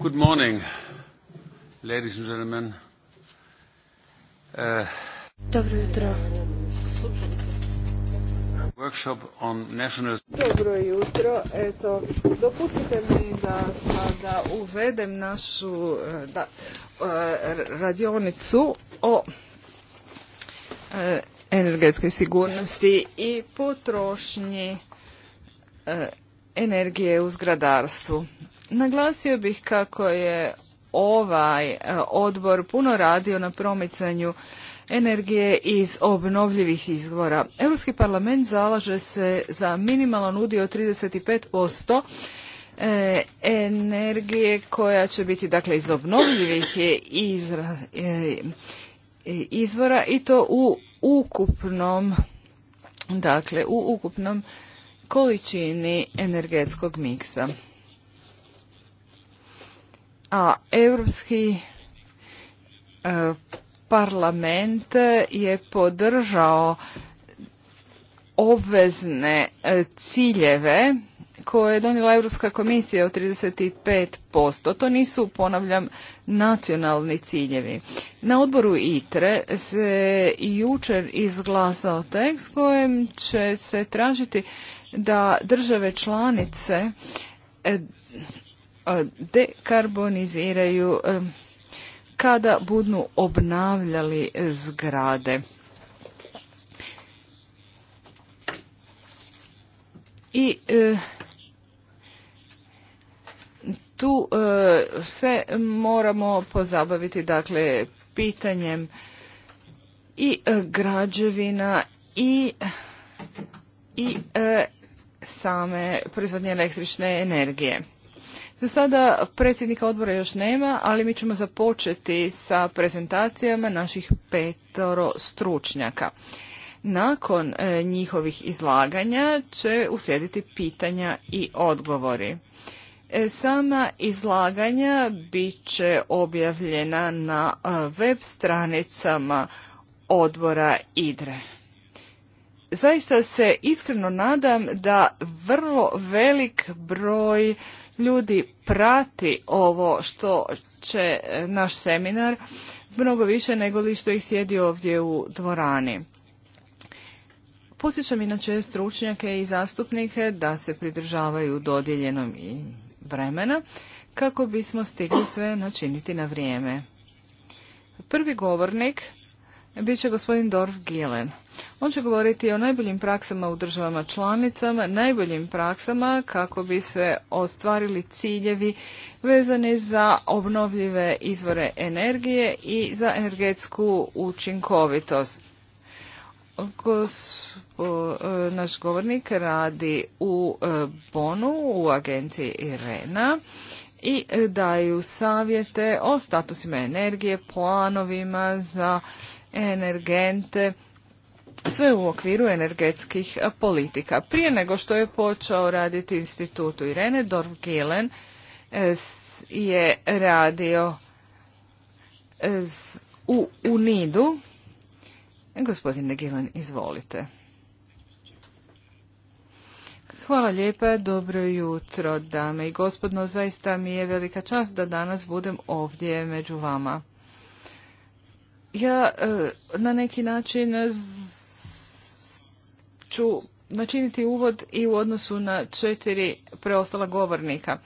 Good morning, ladies and gentlemen. Uh, Dobro jutro. Workshop on national... Dobro jutro. Eto, dopustite mi da sada uvedem našu eh, eh, radionicu o eh, energetskoj sigurnosti i potrošnji energije u zgradarstvu. Naglasio bih kako je ovaj e, odbor puno radio na promicanju energije iz obnovljivih izvora. Europski parlament zalaže se za minimalan udio 35% e, energije koja će biti dakle iz obnovljivih e, izvora i to u ukupnom dakle u ukupnom količini energetskog miksa. A Europski e, parlament je podržao obvezne e, ciljeve koje je donijela Europska komisija od 35%. To nisu, ponavljam, nacionalni ciljevi. Na odboru ITRE se jučer izglasao tekst kojem će se tražiti da države članice e, dekarboniziraju kada budu obnavljali zgrade. I e, tu e, se moramo pozabaviti dakle pitanjem i e, građevina i i same proizvodnje električne energije. Za sada predsjednika odbora još nema, ali mi ćemo započeti sa prezentacijama naših petoro stručnjaka. Nakon e, njihovih izlaganja će uslijediti pitanja i odgovori. E, sama izlaganja bit će objavljena na e, web stranicama odbora IDRE. Zaista se iskreno nadam da vrlo velik broj ljudi prati ovo što će naš seminar mnogo više nego li što ih sjedi ovdje u dvorani. Posjećam inače stručnjake i zastupnike da se pridržavaju dodijeljenom vremena kako bismo stigli sve načiniti na vrijeme. Prvi govornik bit će gospodin Dorf Gielen. On će govoriti o najboljim praksama u državama članicama, najboljim praksama kako bi se ostvarili ciljevi vezani za obnovljive izvore energije i za energetsku učinkovitost. Eh, naš govornik radi u eh, Bonu u agenciji Irena i eh, daju savjete o statusima energije, planovima za energente, sve u okviru energetskih politika. Prije nego što je počeo raditi u institutu Irene Dorf-Gilen eh, je radio eh, u UNIDU. Gospodine Gilen, izvolite. Hvala lijepa, dobro jutro dame i gospodno, zaista mi je velika čast da danas budem ovdje među vama ja e, na neki način ću načiniti uvod i u odnosu na četiri preostala govornika.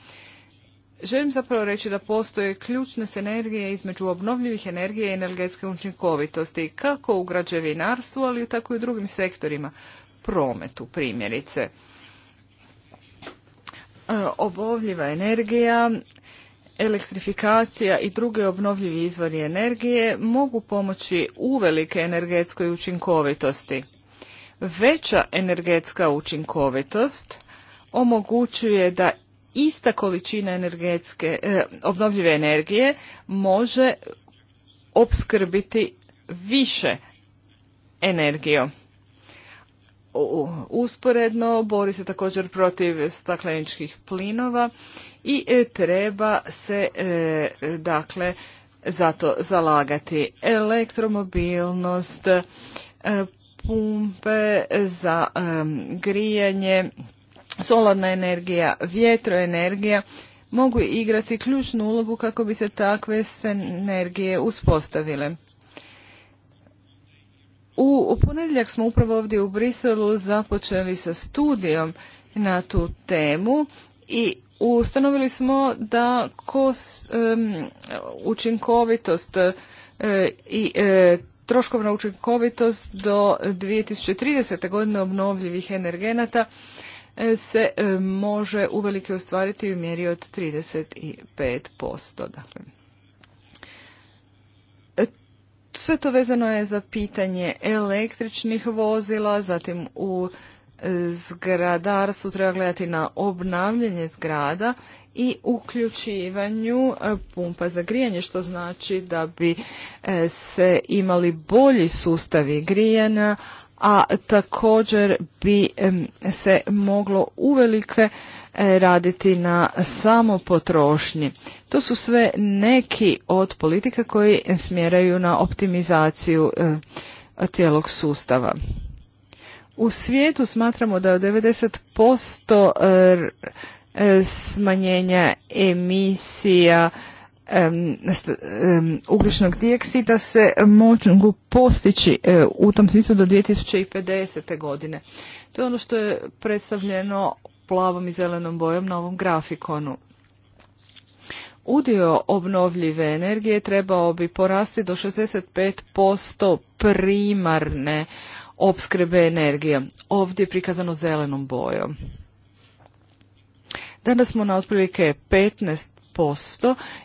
Želim zapravo reći da postoje ključne sinergije između obnovljivih energije i energetske učinkovitosti, kako u građevinarstvu, ali tako i u drugim sektorima, prometu primjerice. E, Obovljiva energija elektrifikacija i druge obnovljivi izvori energije mogu pomoći uvelike energetskoj učinkovitosti. Veća energetska učinkovitost omogućuje da ista količina energetske, e, obnovljive energije može opskrbiti više energijom usporedno, bori se također protiv stakleničkih plinova i e, treba se e, dakle zato zalagati elektromobilnost, e, pumpe za grijanje, solarna energija, vjetroenergija mogu igrati ključnu ulogu kako bi se takve energije uspostavile. U ponedjeljak smo upravo ovdje u Briselu započeli sa studijom na tu temu i ustanovili smo da kos, učinkovitost e, i e, troškovna učinkovitost do 2030. godine obnovljivih energenata e, se može uvelike ostvariti u mjeri od 35%. Dakle. Sve to vezano je za pitanje električnih vozila, zatim u e, zgradarstvu treba gledati na obnavljanje zgrada i uključivanju e, pumpa za grijanje, što znači da bi e, se imali bolji sustavi grijanja, a također bi se moglo uvelike e, raditi na samopotrošnji. To su sve neki od politika koji smjeraju na optimizaciju e, cijelog sustava. U svijetu smatramo da je 90% e, smanjenja emisija ugljičnog dioksida se mogu postići e, u tom smislu do 2050. godine. To je ono što je predstavljeno plavom i zelenom bojom na ovom grafikonu. Udio obnovljive energije trebao bi porasti do 65% primarne opskrbe energije. Ovdje je prikazano zelenom bojom. Danas smo na otprilike 15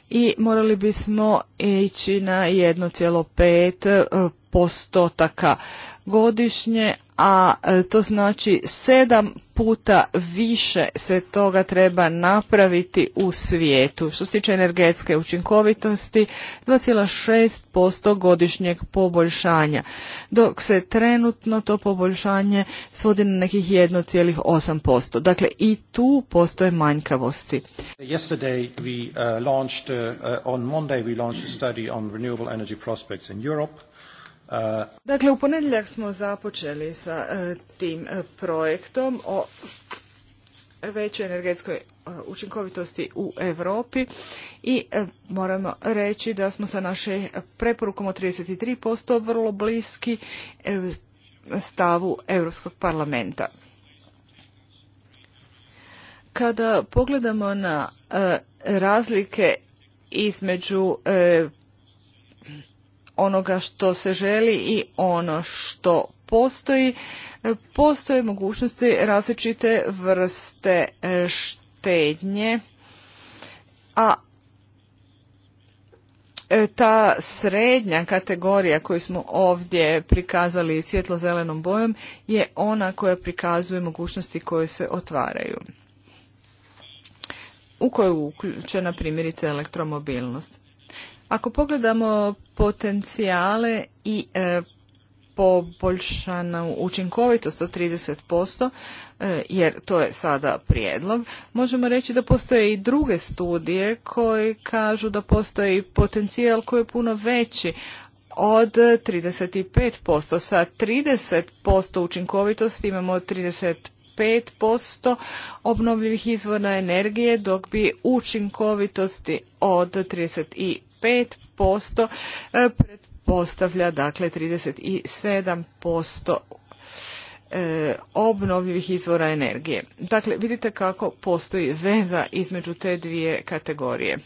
i morali bismo ići na 1,5 eh, postotaka godišnje, a e, to znači sedam puta više se toga treba napraviti u svijetu. Što se tiče energetske učinkovitosti, 2,6% godišnjeg poboljšanja, dok se trenutno to poboljšanje svodi na nekih 1,8%. Dakle, i tu postoje manjkavosti. Yesterday we e, launched, e, on Monday we launched a study on renewable energy prospects in Europe. Dakle, u ponedjeljak smo započeli sa e, tim e, projektom o većoj energetskoj e, učinkovitosti u Europi i moramo reći da smo sa našom preporukom od 33% vrlo bliski stavu Europskog parlamenta. Kada pogledamo na razlike između onoga što se želi i ono što postoji, e, postoje mogućnosti različite vrste e, štednje, a e, ta srednja kategorija koju smo ovdje prikazali svjetlo-zelenom bojom je ona koja prikazuje mogućnosti koje se otvaraju u koju je uključena primjerice elektromobilnost. Ako pogledamo potencijale i e, poboljšanu učinkovitost od 30%, e, jer to je sada prijedlog, možemo reći da postoje i druge studije koje kažu da postoji potencijal koji je puno veći od 35%. Sa 30% učinkovitosti imamo 35% obnovljivih izvora energije, dok bi učinkovitosti od i 5% e, pretpostavlja dakle 37% e, obnovljivih izvora energije. Dakle, vidite kako postoji veza između te dvije kategorije.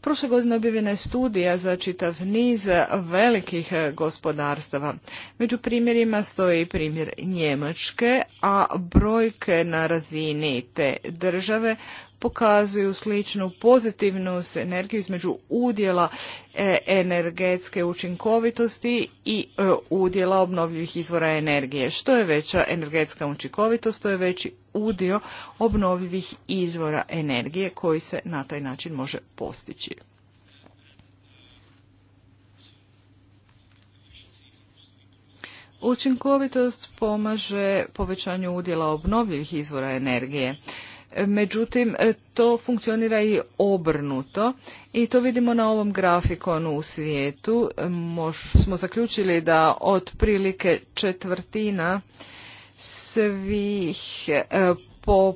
Prošle godine objavljena je studija za čitav niz velikih gospodarstava. Među primjerima stoji primjer Njemačke, a brojke na razini te države pokazuju sličnu pozitivnu energiju između udjela e, energetske učinkovitosti i e, udjela obnovljivih izvora energije. Što je veća energetska učinkovitost, to je veći udio obnovljivih izvora energije koji se na taj način može postići. Učinkovitost pomaže povećanju udjela obnovljivih izvora energije. Međutim, e, to funkcionira i obrnuto i to vidimo na ovom grafikonu u svijetu. E, smo zaključili da otprilike četvrtina svih e, po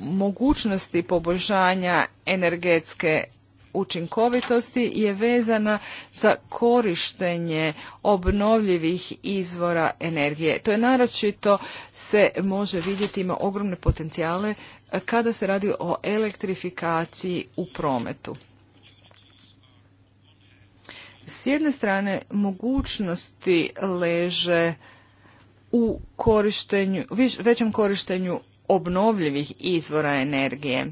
mogućnosti poboljšanja energetske učinkovitosti je vezana za korištenje obnovljivih izvora energije. To je naročito se može vidjeti ima ogromne potencijale kada se radi o elektrifikaciji u prometu. S jedne strane mogućnosti leže u korištenju, većem korištenju obnovljivih izvora energije.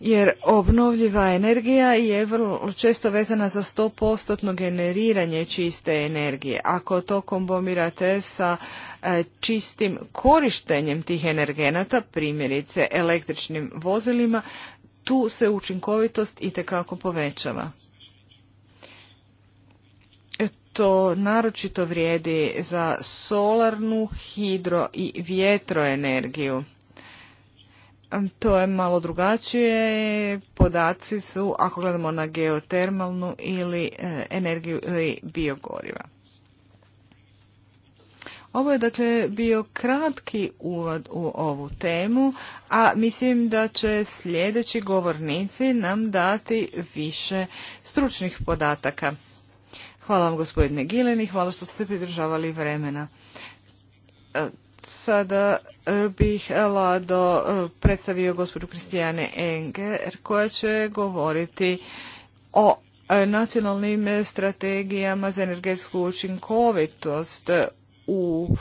Jer obnovljiva energija je vrlo često vezana za 100% generiranje čiste energije. Ako to kombomirate sa E, čistim korištenjem tih energenata, primjerice električnim vozilima, tu se učinkovitost itekako povećava. E, to naročito vrijedi za solarnu, hidro i vjetroenergiju. E, to je malo drugačije. Podaci su ako gledamo na geotermalnu ili energiju ili biogoriva. Ovo je dakle bio kratki uvod u ovu temu, a mislim da će sljedeći govornici nam dati više stručnih podataka. Hvala vam gospodine Gilen i hvala što ste pridržavali vremena. E, sada e, bih e, Lado predstavio gospođu Kristijane Enger koja će govoriti o nacionalnim strategijama za energetsku učinkovitost u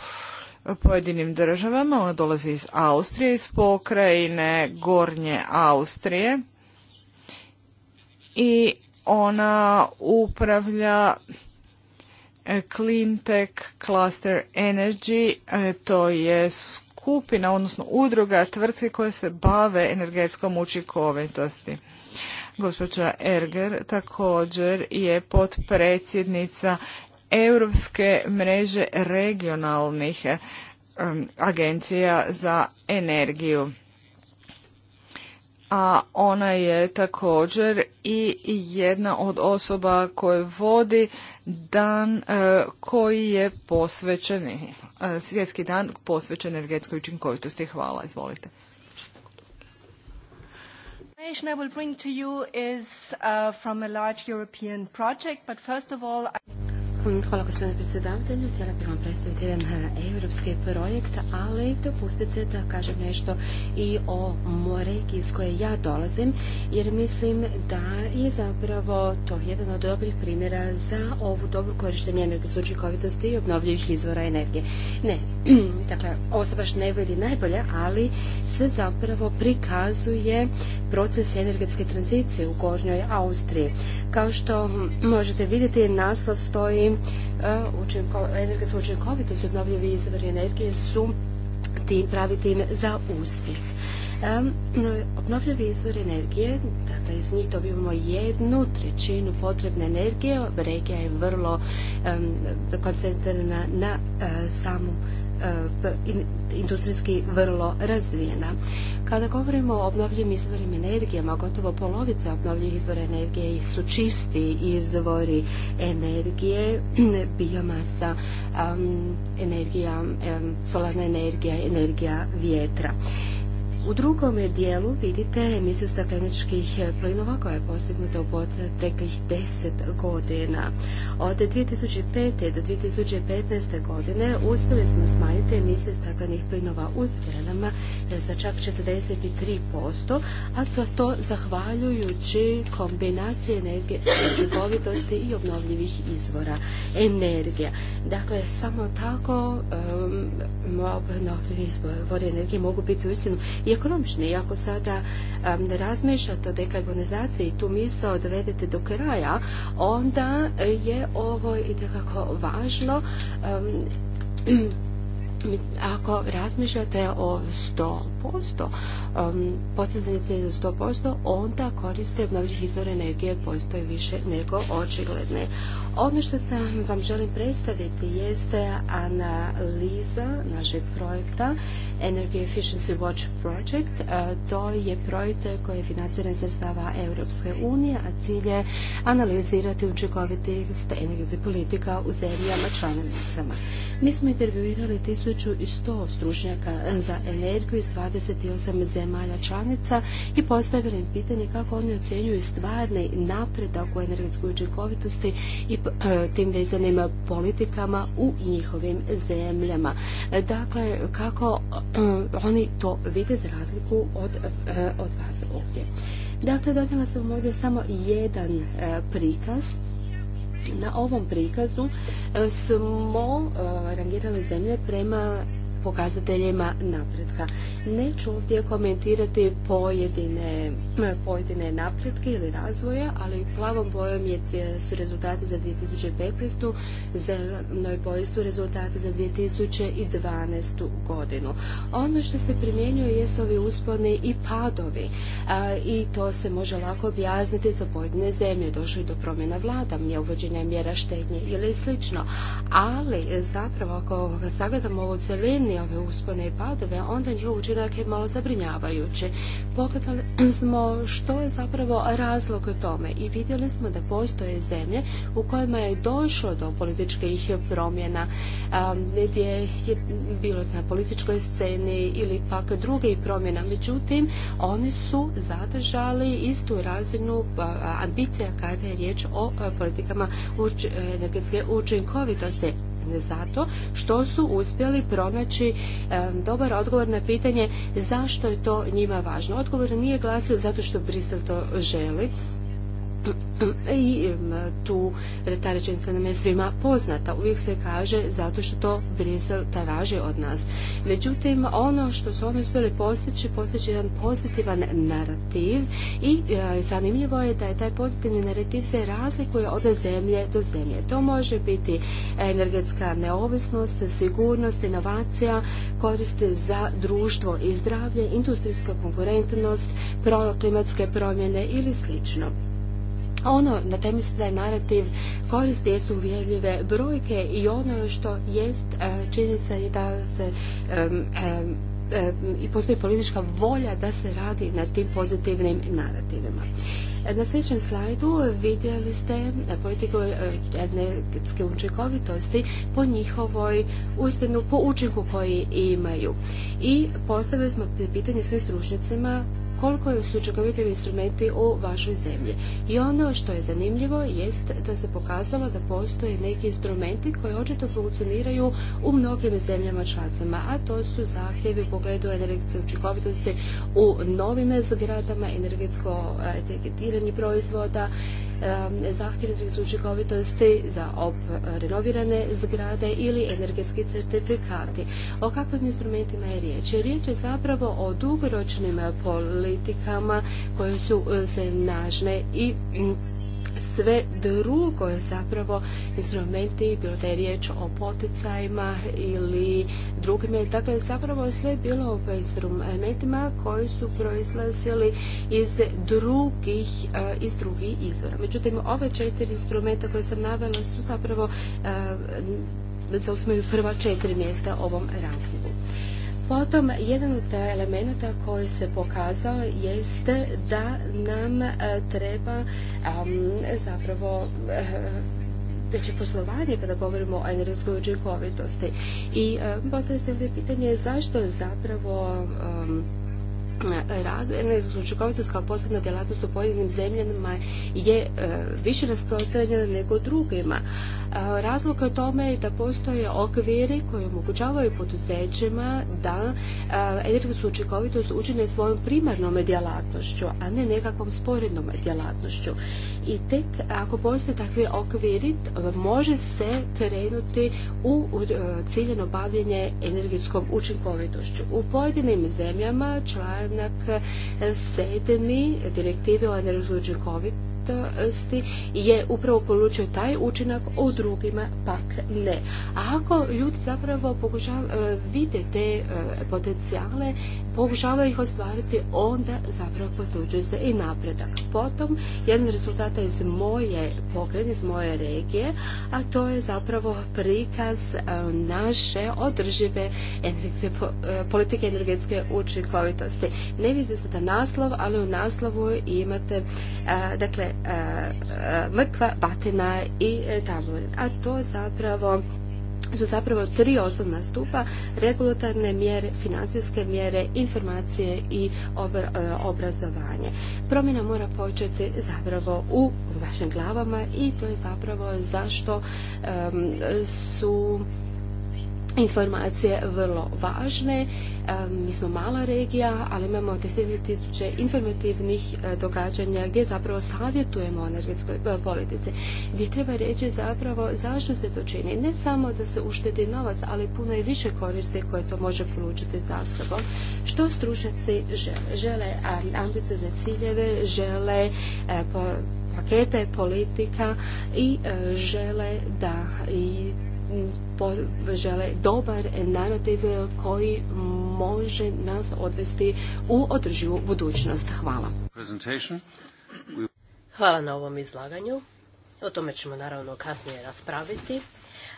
pojedinim državama. Ona dolazi iz Austrije, iz pokrajine Gornje Austrije i ona upravlja e, Cleantech Cluster Energy, e, to je skupina, odnosno udruga tvrtke koje se bave energetskom učinkovitosti. Gospođa Erger također je potpredsjednica europske mreže regionalnih eh, agencija za energiju. A ona je također i jedna od osoba koje vodi dan eh, koji je posvećen, eh, svjetski dan posvećen energetskoj učinkovitosti. Hvala, izvolite. Mm, hvala gospodine predsjedavatelju. Htjela bih vam predstaviti jedan e, europski projekt, ali dopustite da kažem nešto i o moreiki iz koje ja dolazim, jer mislim da je zapravo to jedan od dobrih primjera za ovu dobru korištenje energetske učinkovitosti i obnovljivih izvora energije. Ne, dakle, ovo se baš ne vidi najbolje, ali se zapravo prikazuje proces energetske tranzicije u Kožnjoj Austriji. Kao što možete vidjeti, naslov stoji E, učinko, energetska učinkovitost obnovljivi izvori energije su ti pravi tim za uspjeh. E, obnovljivi izvor energije, dakle iz njih dobivamo jednu trećinu potrebne energije, regija je vrlo koncentrana na e, samu E, industrijski vrlo razvijena. Kada govorimo o obnovljivim izvorima energijama, gotovo polovica obnovljivih izvora energije su čisti izvori energije, biomasa, energija, solarna energija, energija vjetra. U drugom dijelu vidite emisiju stakleničkih plinova koja je postignuta u proteklih 10 godina. Od 2005. do 2015. godine uspjeli smo smanjiti emisiju staklenih plinova u zgradama za čak 43%, a to, to zahvaljujući kombinaciji energije učinkovitosti i obnovljivih izvora energije. Dakle, samo tako obnovljivi izvori energije mogu biti uistinu i ekonomični. I ako sada ne razmišljate o dekarbonizaciji tu misao dovedete do kraja, onda je ovo i važno ako razmišljate o 100%, postavljate za 100%, onda koriste obnovljivih izvora energije postoje više nego očigledne. Ono što sam vam želim predstaviti jeste analiza našeg projekta Energy Efficiency Watch Project. E, to je projekt koji je financiran sredstava Europske unije, a cilj je analizirati učinkovitost energetskih politika u zemljama članicama. Mi smo intervjuirali tisuću 1100 stručnjaka za energiju iz 28 zemalja članica i postavili pitanje kako oni ocjenjuju stvarni napredak u energetskoj učinkovitosti i e, tim vezanim politikama u njihovim zemljama. Dakle, kako e, oni to vide za razliku od, e, od vas ovdje. Dakle, dobila sam ovdje samo jedan prikaz na ovom prikazu e, smo e, rangirali zemlje prema pokazateljima napretka. Neću ovdje komentirati pojedine, pojedine napretke ili razvoja, ali plavom bojom je, su rezultati za 2015. zelenoj boji su rezultati za 2012. godinu. Ono što se primjenjuje jesu ovi usponi i padovi i to se može lako objasniti za pojedine zemlje. Došlo je do promjena vlada, uvođenja mjera štednje ili slično. Ali zapravo ako sagledamo ovo celini ranije ove uspone i padove, onda njihov učinak je malo zabrinjavajući. Pogledali smo što je zapravo razlog tome i vidjeli smo da postoje zemlje u kojima je došlo do političkih promjena gdje je bilo na političkoj sceni ili pak druge promjena. Međutim, oni su zadržali istu razinu ambicija kada je riječ o politikama energetske učinkovitosti zato što su uspjeli pronaći dobar odgovor na pitanje zašto je to njima važno. Odgovor nije glasio zato što Brisel to želi, i tu ta rečenica nam je svima poznata. Uvijek se kaže zato što to Brisel traži od nas. Međutim, ono što su oni uspjeli postići, postići jedan pozitivan narativ i e, zanimljivo je da je taj pozitivni narativ se razlikuje od zemlje do zemlje. To može biti energetska neovisnost, sigurnost, inovacija, koriste za društvo i zdravlje, industrijska konkurentnost, klimatske promjene ili slično ono na temi se da je narativ koristi jesu uvjerljive brojke i ono što jest e, činjenica je da se i postoji politička volja da se radi na tim pozitivnim narativima. E, na sljedećem slajdu vidjeli ste politiku e, energetske učinkovitosti po njihovoj po učinku koji imaju. I postavili smo pitanje svim stručnicima koliko su učinkoviti instrumenti u vašoj zemlji. I ono što je zanimljivo jest da se pokazalo da postoje neki instrumenti koji očito funkcioniraju u mnogim zemljama članicama, a to su zahtjevi u pogledu energetske učinkovitosti u novim zgradama, energetsko e, etiketiranje proizvoda, e, zahtjevi energetske učinkovitosti za ob renovirane zgrade ili energetski certifikati. O kakvim instrumentima je riječ? Riječ je zapravo o dugoročnim politikama politikama koje su zemnažne i sve drugo je zapravo instrumenti, bilo da je riječ o poticajima ili drugim, dakle zapravo sve bilo o instrumentima koji su proizlazili iz drugih, e, iz drugih izvora. Međutim, ove četiri instrumenta koje sam navela su zapravo e, zauzimaju prva četiri mjesta ovom rangu. Potom, jedan od e, elemenata koji se pokazao jeste da nam e, treba zapravo e, već poslovanje kada govorimo o energetskoj učinkovitosti. I um, postavljate pitanje zašto zapravo energetska učinkovitost kao posebna djelatnost u pojedinim zemljama je e, više rasprostranjena nego drugima. E, razlog je tome da postoje okviri koji omogućavaju poduzećima da e, energetsku učinkovitost učine svojom primarnom djelatnošću, a ne nekakvom sporednom djelatnošću. I tek ako postoje takvi okviri, može se krenuti u, ciljeno bavljenje energetskom učinkovitošću. U pojedinim zemljama član članak 7. direktive o energetskoj učinkovitosti je upravo polučio taj učinak, u drugima pak ne. A ako ljudi zapravo e, vide te e, potencijale, pokušavaju ih ostvariti, onda zapravo postuđuje se i napredak. Potom, jedan rezultata iz moje pogled, iz moje regije, a to je zapravo prikaz e, naše održive politike energetske učinkovitosti. Ne vidite se da naslov, ali u naslovu imate dakle E, e, mrkva, batina i e, tamorin. A to zapravo su zapravo tri osnovna stupa, regulatorne mjere, financijske mjere, informacije i obrazovanje. Promjena mora početi zapravo u vašim glavama i to je zapravo zašto su informacije vrlo važne. E, mi smo mala regija, ali imamo deset tisuće informativnih e, događanja gdje zapravo savjetujemo o energetskoj e, politici. Gdje treba reći zapravo zašto se to čini. Ne samo da se uštedi novac, ali puno i više koriste koje to može polučiti za sobom. Što stručnjaci žele? Žele za ciljeve, žele pakete politika i žele da i žele dobar narativ koji može nas odvesti u održivu budućnost. Hvala. Hvala na ovom izlaganju. O tome ćemo naravno kasnije raspraviti.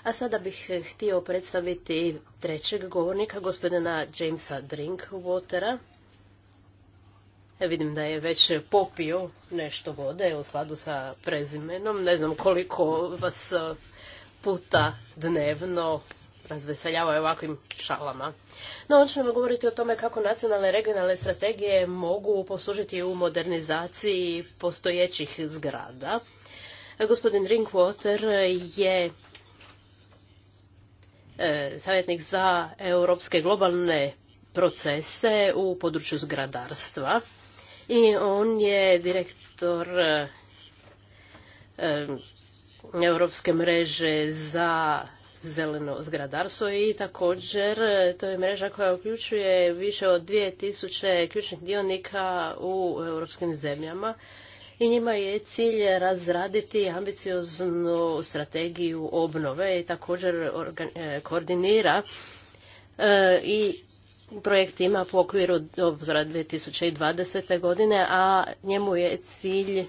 A sada bih htio predstaviti trećeg govornika, gospodina Jamesa Drinkwatera. vidim da je već popio nešto vode u skladu sa prezimenom. Ne znam koliko vas puta dnevno razveseljavaju ovakvim šalama. No, on ćemo govoriti o tome kako nacionalne regionalne strategije mogu poslužiti u modernizaciji postojećih zgrada. Gospodin Drinkwater je e, savjetnik za europske globalne procese u području zgradarstva i on je direktor e, europske mreže za zeleno zgradarstvo i također to je mreža koja uključuje više od 2000 ključnih dionika u europskim zemljama i njima je cilj razraditi ambicioznu strategiju obnove i također e, koordinira e, i projekt ima po okviru obzora 2020. godine, a njemu je cilj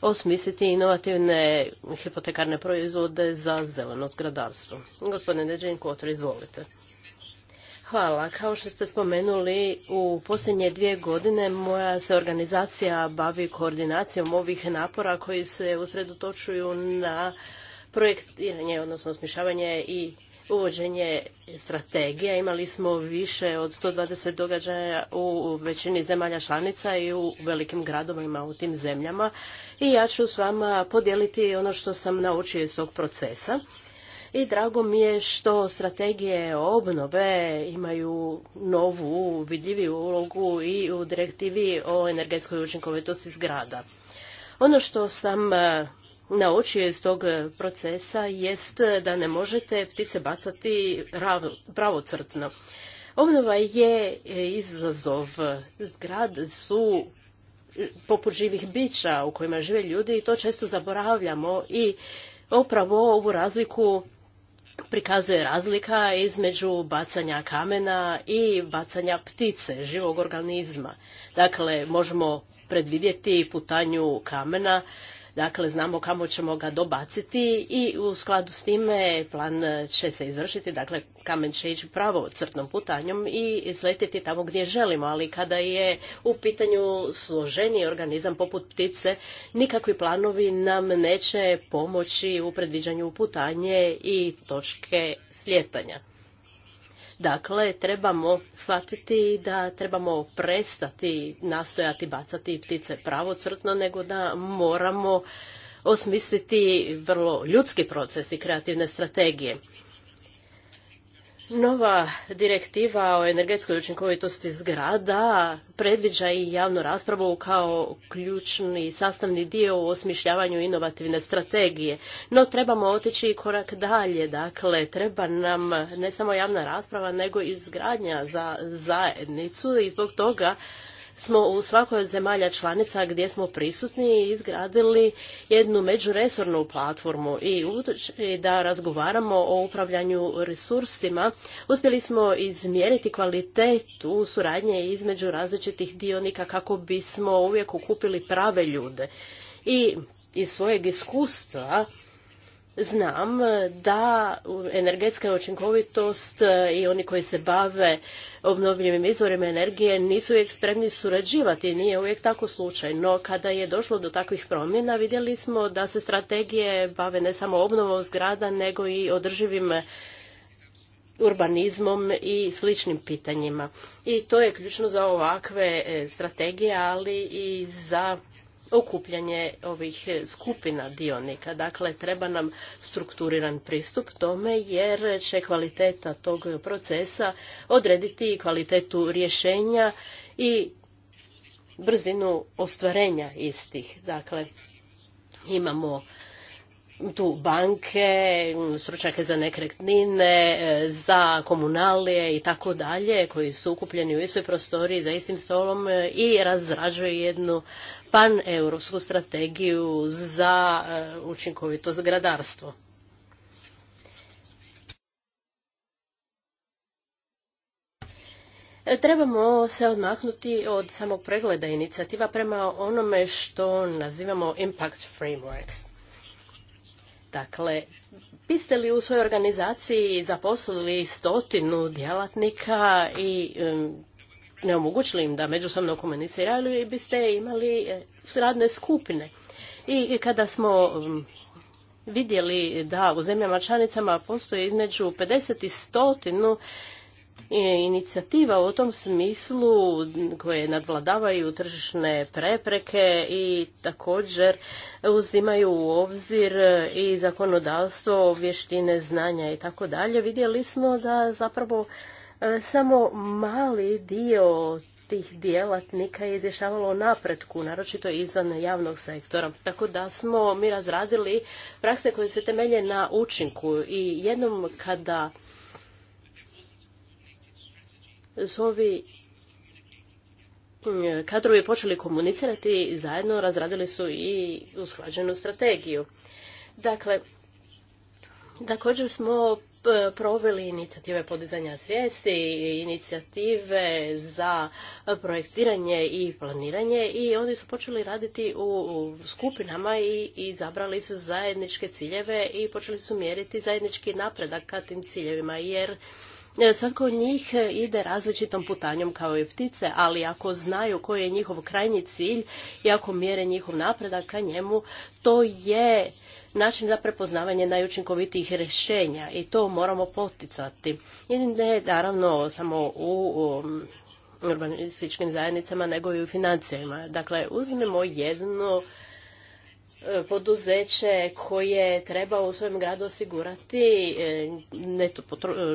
osmisliti inovativne hipotekarne proizvode za zeleno zgradarstvo. Gospodine Deđen Kotor, izvolite. Hvala. Kao što ste spomenuli, u posljednje dvije godine moja se organizacija bavi koordinacijom ovih napora koji se usredotočuju na projektiranje, odnosno osmišavanje i uvođenje strategija. Imali smo više od 120 događaja u većini zemalja članica i u velikim gradovima u tim zemljama. I ja ću s vama podijeliti ono što sam naučio iz tog procesa. I drago mi je što strategije obnove imaju novu vidljiviju ulogu i u direktivi o energetskoj učinkovitosti zgrada. Ono što sam naučio iz tog e, procesa jest da ne možete ptice bacati pravocrtno. Obnova je e, izazov. Zgrad su e, poput živih bića u kojima žive ljudi i to često zaboravljamo i upravo ovu razliku prikazuje razlika između bacanja kamena i bacanja ptice, živog organizma. Dakle, možemo predvidjeti putanju kamena Dakle, znamo kamo ćemo ga dobaciti i u skladu s time plan će se izvršiti. Dakle, kamen će ići pravo crtnom putanjom i izletiti tamo gdje želimo. Ali kada je u pitanju složeni organizam poput ptice, nikakvi planovi nam neće pomoći u predviđanju putanje i točke sljetanja. Dakle, trebamo shvatiti da trebamo prestati nastojati bacati ptice pravocrtno, nego da moramo osmisliti vrlo ljudski proces i kreativne strategije. Nova direktiva o energetskoj učinkovitosti zgrada predviđa i javnu raspravu kao ključni sastavni dio u osmišljavanju inovativne strategije. No trebamo otići korak dalje, dakle treba nam ne samo javna rasprava nego i zgradnja za zajednicu i zbog toga smo u svakoj od zemalja članica gdje smo prisutni izgradili jednu međuresornu platformu i da razgovaramo o upravljanju resursima, uspjeli smo izmjeriti kvalitetu suradnje između različitih dionika kako bismo uvijek okupili prave ljude. I iz svojeg iskustva znam e, da energetska učinkovitost e, i oni koji se bave obnovljivim izvorima energije nisu uvijek spremni surađivati, nije uvijek tako slučaj. No kada je došlo do takvih promjena vidjeli smo da se strategije bave ne samo obnovom zgrada nego i održivim urbanizmom i sličnim pitanjima. I to je ključno za ovakve e, strategije, ali i za okupljanje ovih skupina dionika. Dakle, treba nam strukturiran pristup tome jer će kvaliteta tog procesa odrediti kvalitetu rješenja i brzinu ostvarenja istih. Dakle, imamo tu banke, stručnjake za nekretnine, e, za komunalije i tako dalje, koji su ukupljeni u istoj prostoriji za istim stolom e, i razrađuje jednu pan-europsku strategiju za e, učinkovito zgradarstvo. Trebamo se odmaknuti od samog pregleda inicijativa prema onome što nazivamo impact frameworks. Dakle, biste li u svojoj organizaciji zaposlili stotinu djelatnika i ne omogućili im da međusobno komuniciraju ili biste imali e, radne skupine? I kada smo vidjeli da u zemljama članicama postoje između 50 i stotinu E, inicijativa u tom smislu koje nadvladavaju tržišne prepreke i također uzimaju u obzir i zakonodavstvo, vještine, znanja i tako dalje. Vidjeli smo da zapravo e, samo mali dio tih djelatnika je izvješavalo o napretku, naročito izvan javnog sektora. Tako da smo mi razradili prakse koje se temelje na učinku i jednom kada su ovi e, kadrovi počeli komunicirati zajedno, razradili su i usklađenu strategiju. Dakle, također smo e, proveli inicijative podizanja svijesti, inicijative za projektiranje i planiranje i oni su počeli raditi u skupinama i izabrali su zajedničke ciljeve i počeli su mjeriti zajednički napredak ka tim ciljevima jer E, svako njih e, ide različitom putanjom kao i ptice, ali ako znaju koji je njihov krajnji cilj i ako mjere njihov napredak ka njemu, to je način za prepoznavanje najučinkovitijih rješenja i to moramo poticati. I ne naravno samo u um, urbanističkim zajednicama nego i u financijama. Dakle, uzmemo jedno poduzeće koje treba u svojem gradu osigurati e,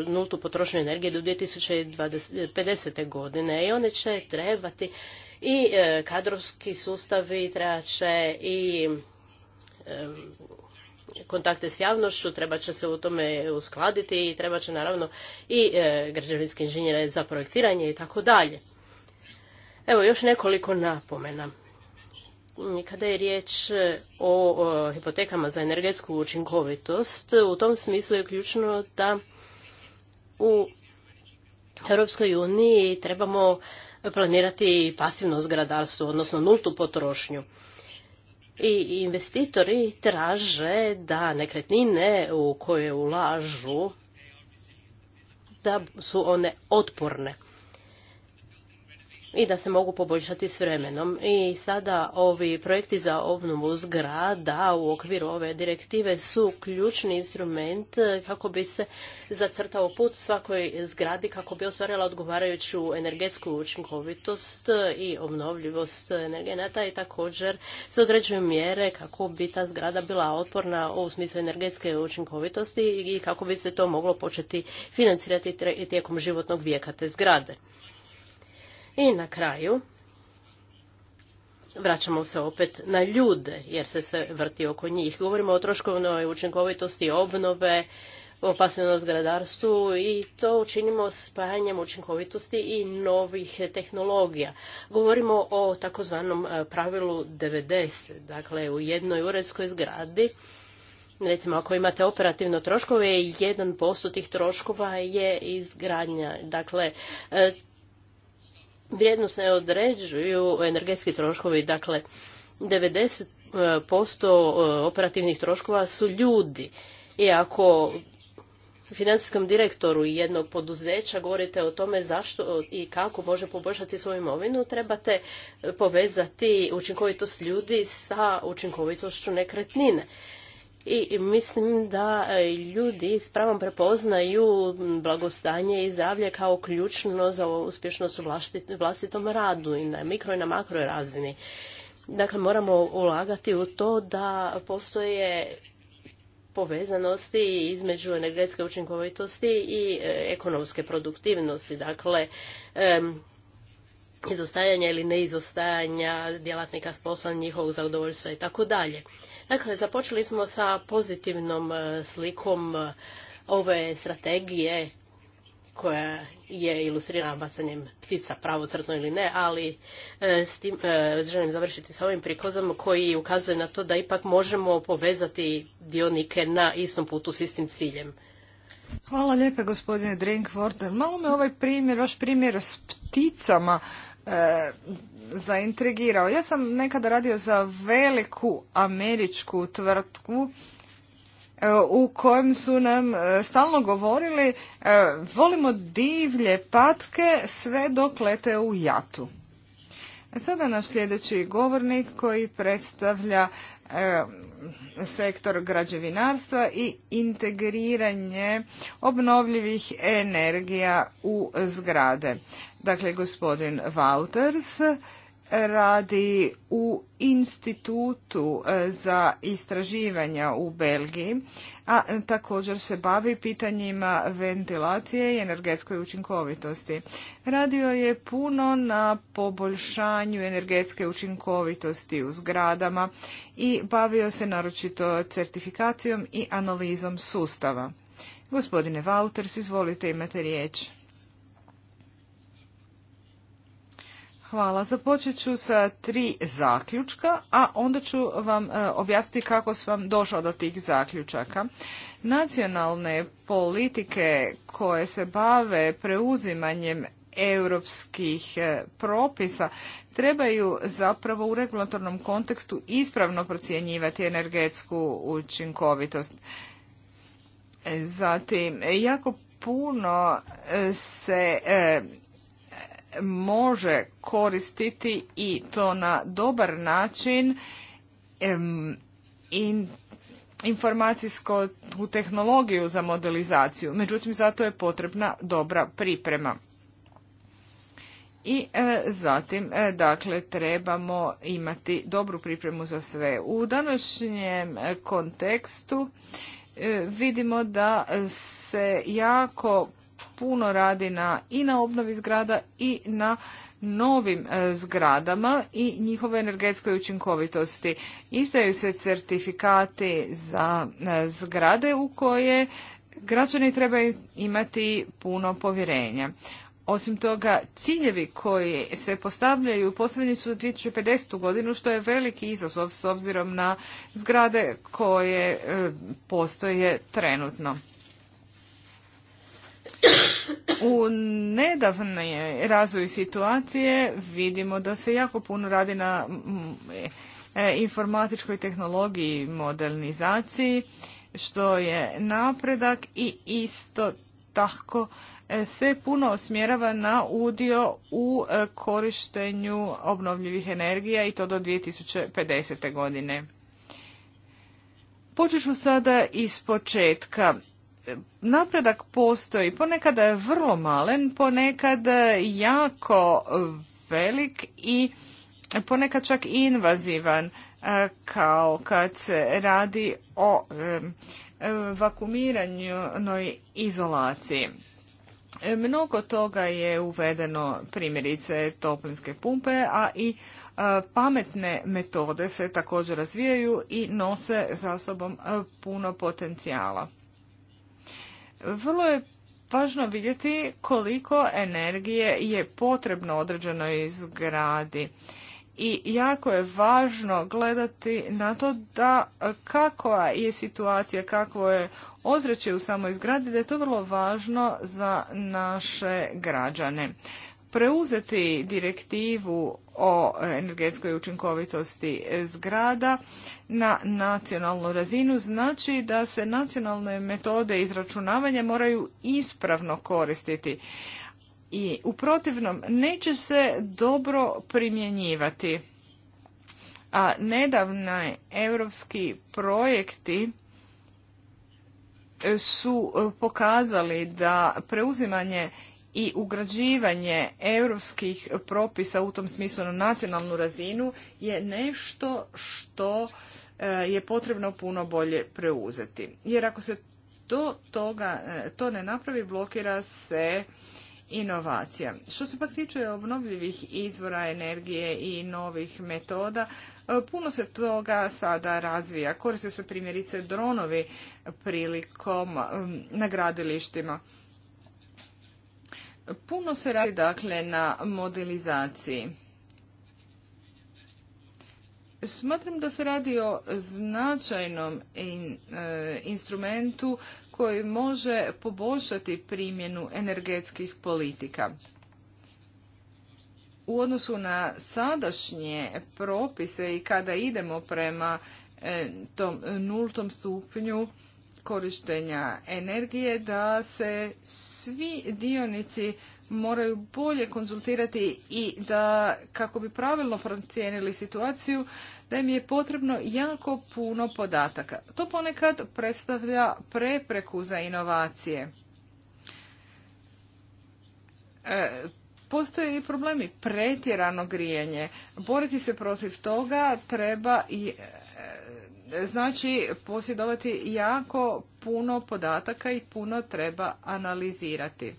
nultu potrošnju energije do 2050. godine i one će trebati i e, kadrovski sustavi treba će i e, kontakte s javnošću, treba će se u tome uskladiti i treba će naravno i građevinski inženjere za projektiranje i tako dalje. Evo još nekoliko napomena kada je riječ e, o, hipotekama za energetsku učinkovitost, u tom smislu je ključno da u Europskoj uniji trebamo planirati pasivno zgradarstvo, odnosno nultu potrošnju. I investitori traže da nekretnine u koje ulažu da su one otporne i da se mogu poboljšati s vremenom. I sada ovi projekti za obnovu zgrada u okviru ove direktive su ključni instrument kako bi se zacrtao put svakoj zgradi kako bi ostvarila odgovarajuću energetsku učinkovitost i obnovljivost energenata i također se određuju mjere kako bi ta zgrada bila otporna u smislu energetske učinkovitosti i kako bi se to moglo početi financirati tijekom životnog vijeka te zgrade. I na kraju, vraćamo se opet na ljude, jer se sve vrti oko njih. Govorimo o troškovnoj učinkovitosti obnove, opasnosti zgradarstvu i to učinimo spajanjem učinkovitosti i novih tehnologija. Govorimo o takozvanom e, pravilu 90, dakle u jednoj uredskoj zgradi Recimo, ako imate operativno troškove, 1% tih troškova je izgradnja. Dakle, e, vrijednost ne određuju energetski troškovi, dakle 90% e, operativnih troškova su ljudi. I ako financijskom direktoru jednog poduzeća govorite o tome zašto i kako može poboljšati svoju imovinu, trebate povezati učinkovitost ljudi sa učinkovitošću nekretnine. I mislim da e, ljudi s pravom prepoznaju blagostanje i zdravlje kao ključno za uspješnost u vlastitom radu i na mikro i na makro razini. Dakle, moramo ulagati u to da postoje povezanosti između energetske učinkovitosti i e, ekonomske produktivnosti. Dakle, izostajanja ili neizostajanja djelatnika s posla, njihovog zadovoljstva i tako dalje. Dakle, započeli smo sa pozitivnom e, slikom e, ove strategije koja je ilustrirana bacanjem ptica pravocrtno ili ne, ali e, s tim, želim završiti sa ovim prikozom koji ukazuje na to da ipak možemo povezati dionike na istom putu s istim ciljem. Hvala lijepa gospodine Drinkwater. Malo me ovaj primjer, vaš primjer s pticama zaintrigirao. Ja sam nekada radio za veliku američku tvrtku e, u kojem su nam e, stalno govorili e, volimo divlje patke sve dok lete u jatu. Sada naš sljedeći govornik koji predstavlja sektor građevinarstva i integriranje obnovljivih energija u zgrade. Dakle, gospodin Vauters radi u institutu e, za istraživanja u Belgiji, a e, također se bavi pitanjima ventilacije i energetskoj učinkovitosti. Radio je puno na poboljšanju energetske učinkovitosti u zgradama i bavio se naročito certifikacijom i analizom sustava. Gospodine Vauters, izvolite imate riječ. Hvala. Započet ću sa tri zaključka, a onda ću vam e, objasniti kako sam došla do tih zaključaka. Nacionalne politike koje se bave preuzimanjem europskih e, propisa trebaju zapravo u regulatornom kontekstu ispravno procjenjivati energetsku učinkovitost. Zatim, jako puno se e, može koristiti i to na dobar način i informacijsko informacijsku tehnologiju za modelizaciju. Međutim, zato je potrebna dobra priprema. I e, zatim, e, dakle, trebamo imati dobru pripremu za sve. U današnjem e, kontekstu vidimo da se jako puno radi na, i na obnovi zgrada i na novim e, zgradama i njihove energetskoj učinkovitosti. Izdaju se certifikati za e, zgrade u koje građani trebaju imati puno povjerenja. Osim toga, ciljevi koji se postavljaju postavljeni su u 2050. godinu, što je veliki izazov s obzirom na zgrade koje e, postoje trenutno. U nedavnoj razvoju situacije vidimo da se jako puno radi na e, informatičkoj tehnologiji modernizaciji, što je napredak i isto tako e, se puno osmjerava na udio u e, korištenju obnovljivih energija i to do 2050. godine. Počet ću sada iz početka napredak postoji, ponekada je vrlo malen, ponekad jako velik i ponekad čak invazivan e, kao kad se radi o vakumiranoj izolaciji. E, mnogo toga je uvedeno, primjerice toplinske pumpe, a i e, pametne metode se također razvijaju i nose za sobom puno potencijala. Vrlo je važno vidjeti koliko energije je potrebno određenoj zgradi. I jako je važno gledati na to da kakva je situacija, kakvo je ozračje u samoj zgradi, da je to vrlo važno za naše građane preuzeti direktivu o energetskoj učinkovitosti zgrada na nacionalnu razinu znači da se nacionalne metode izračunavanja moraju ispravno koristiti i u protivnom neće se dobro primjenjivati. A nedavni europski projekti su pokazali da preuzimanje i ugrađivanje europskih propisa u tom smislu na nacionalnu razinu je nešto što e, je potrebno puno bolje preuzeti. Jer ako se do toga e, to ne napravi, blokira se inovacija. Što se pak tiče obnovljivih izvora energije i novih metoda, e, puno se toga sada razvija. Koriste se primjerice dronovi prilikom na gradilištima. Puno se radi dakle na modelizaciji. Smatram da se radi o značajnom in, e, instrumentu koji može poboljšati primjenu energetskih politika. U odnosu na sadašnje propise i kada idemo prema e, tom nultom stupnju korištenja energije da se svi dionici moraju bolje konzultirati i da kako bi pravilno procijenili situaciju da im je potrebno jako puno podataka. To ponekad predstavlja prepreku za inovacije. E, postoje i problemi pretjerano grijanje. Boriti se protiv toga treba i znači posjedovati jako puno podataka i puno treba analizirati.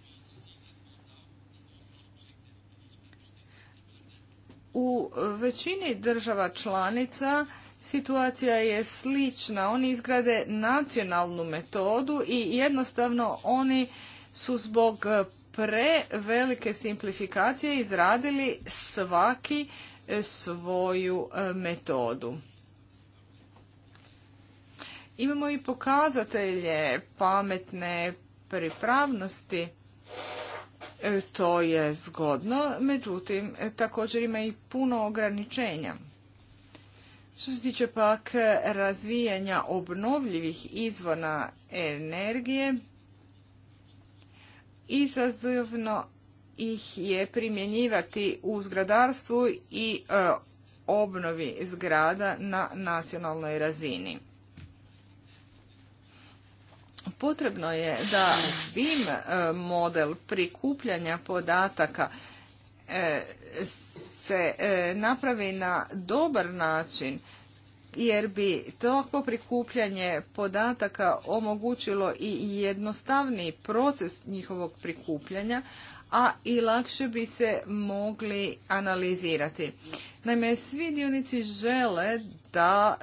U većini država članica situacija je slična. Oni izgrade nacionalnu metodu i jednostavno oni su zbog prevelike simplifikacije izradili svaki e, svoju e, metodu. Imamo i pokazatelje pametne pripravnosti. E, to je zgodno, međutim, e, također ima i puno ograničenja. Što se tiče pak razvijanja obnovljivih izvona energije, izazovno ih je primjenjivati u zgradarstvu i e, obnovi zgrada na nacionalnoj razini potrebno je da BIM e, model prikupljanja podataka e, se e, napravi na dobar način jer bi tako prikupljanje podataka omogućilo i jednostavniji proces njihovog prikupljanja, a i lakše bi se mogli analizirati. Naime, svi dionici žele da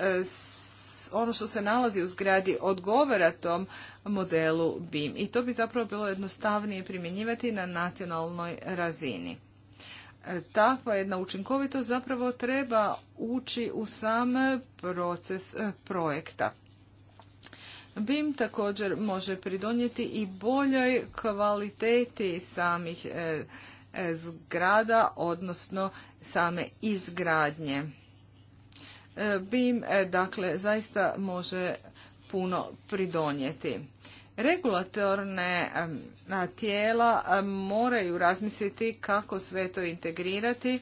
ono što se nalazi u zgradi odgovara tom modelu BIM. I to bi zapravo bilo jednostavnije primjenjivati na nacionalnoj razini. E, takva jedna učinkovitost zapravo treba ući u sam proces e, projekta. BIM također može pridonijeti i boljoj kvaliteti samih e, zgrada, odnosno same izgradnje. E, BIM e, dakle, zaista može puno pridonijeti. Regulatorne e, tijela moraju razmisliti kako sve to integrirati,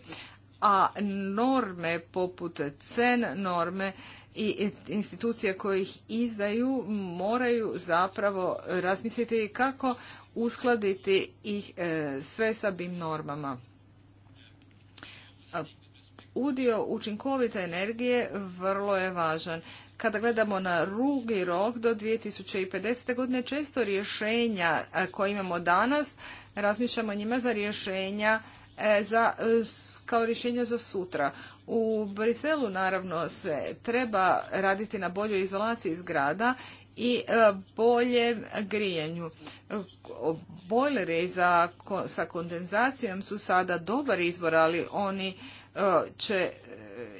a norme poput CEN norme i institucije koje ih izdaju moraju zapravo razmisliti kako uskladiti ih sve sa BIM normama udio učinkovite energije vrlo je važan. Kada gledamo na rugi rok do 2050. godine, često rješenja koje imamo danas, razmišljamo njima za rješenja e, za, kao rješenja za sutra. U Briselu naravno se treba raditi na boljoj izolaciji zgrada i e, bolje grijanju. Bojlere za, sa kondenzacijom su sada dobar izbor, ali oni E, će e,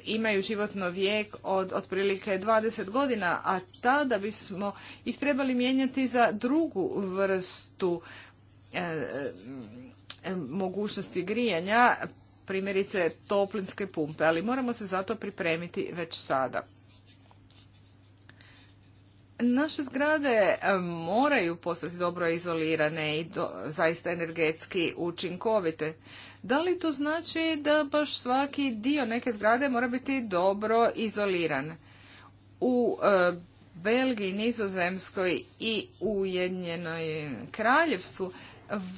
imaju životno vijek od otprilike 20 godina, a tada bismo ih trebali mijenjati za drugu vrstu e, mogućnosti grijanja, primjerice toplinske pumpe, ali moramo se zato pripremiti već sada. Naše zgrade e, moraju postati dobro izolirane i do, zaista energetski učinkovite. Da li to znači da baš svaki dio neke zgrade mora biti dobro izoliran? U e, Belgiji, Nizozemskoj i Ujedinjenoj kraljevstvu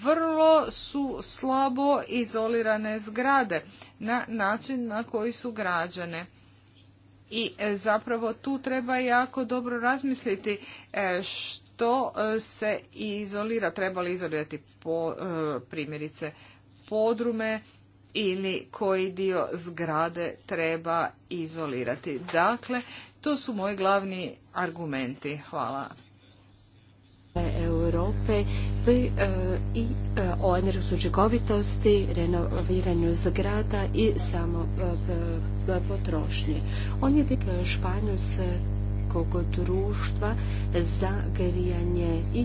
vrlo su slabo izolirane zgrade na način na koji su građane i e, zapravo tu treba jako dobro razmisliti e, što e, se izolira, treba li izolirati primjerice podrume ili koji dio zgrade treba izolirati. Dakle, to su moji glavni argumenti. Hvala. Europe pa, e, i e, o energetskoj učinkovitosti, renoviranju zgrada i samo e, potrošnje. On je dik španjolskog društva za grijanje i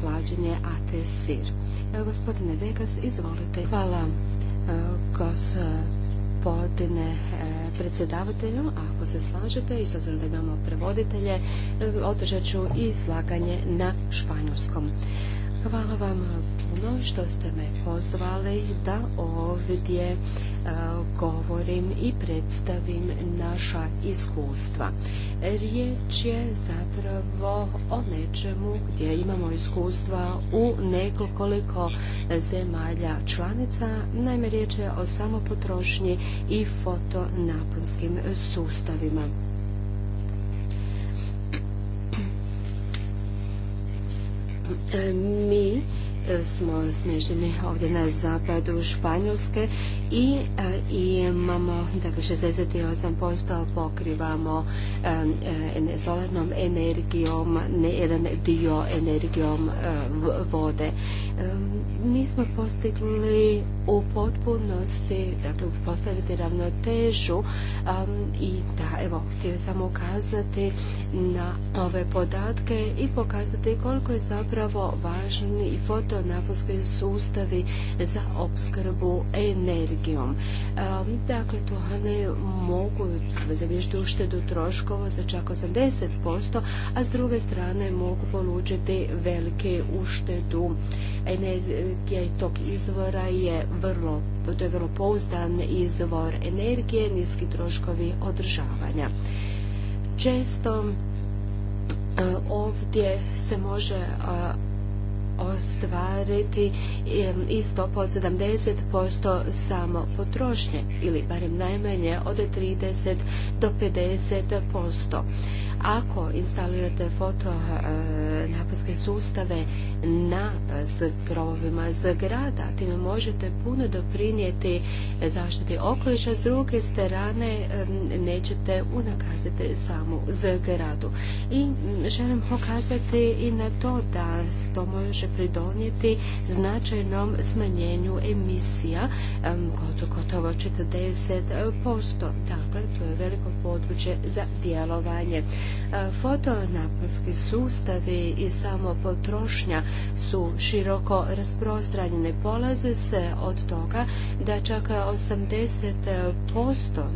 hlađenje ATSIR. Gospodine Vegas, izvolite. Hvala, gospodine gospodine e, predsjedavatelju. Ako se slažete i s obzirom da imamo prevoditelje, e, održat ću i slaganje na španjolskom. Hvala vam puno što ste me pozvali da ovdje e, govorim i predstavim naša iskustva. Riječ je zapravo o nečemu gdje imamo iskustva u nekoliko zemalja članica. Naime, riječ je o samopotrošnji i fotonaponskim sustavima. E, mi e, smo smješteni ovdje na zapadu Španjolske i, e, imamo dakle 68% pokrivamo solarnom energijom, ne jedan dio energijom vode nismo postigli u potpunosti, dakle, postaviti ravnotežu um, i da, evo, htio sam ukazati na ove podatke i pokazati koliko je zapravo važni i fotonaponski sustavi za opskrbu energijom. dakle, to one mogu zabilježiti uštedu troškova za čak 80%, a s druge strane mogu polučiti velike uštedu energije tog izvora je vrlo, to je vrlo pouzdan izvor energije, niski troškovi održavanja. Često e, ovdje se može e, ostvariti i stopu od 70% samo potrošnje ili barem najmanje od 30 do 50%. Ako instalirate foto e, sustave na e, krovovima zgrada, time možete puno doprinijeti zaštiti okoliša, s druge strane nećete unakaziti samu zgradu. I želim pokazati i na to da to može pridonijeti značajnom smanjenju emisija gotovo 40%. Dakle, to je veliko područje za djelovanje. E, fotonaponski sustavi i samo potrošnja su široko rasprostranjene. Polaze se od toga da čak 80%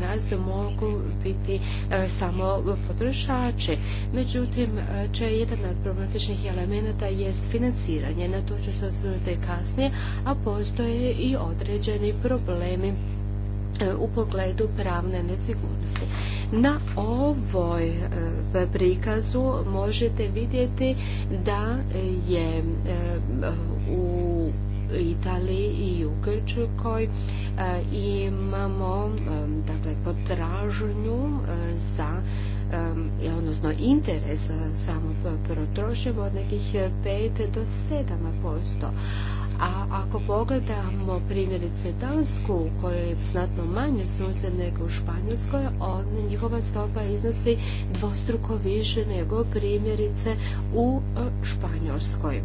nas mogu biti e, samo potrošači. Međutim, e, će jedan od problematičnih elemenata jest financiranje financiranje. Na to ću se osvrnuti kasnije, a postoje i određeni problemi e, u pogledu pravne nesigurnosti. Na ovoj e, prikazu možete vidjeti da je e, u Italiji i u Grčkoj imamo dakle potražnju za odnosno interes e, samog potrošnje od nekih 5 e, do 7%. A ako pogledamo primjerice Dansku, koja je znatno manje sunce nego u Španjolskoj, njihova stopa iznosi dvostruko više nego primjerice u e, Španjolskoj.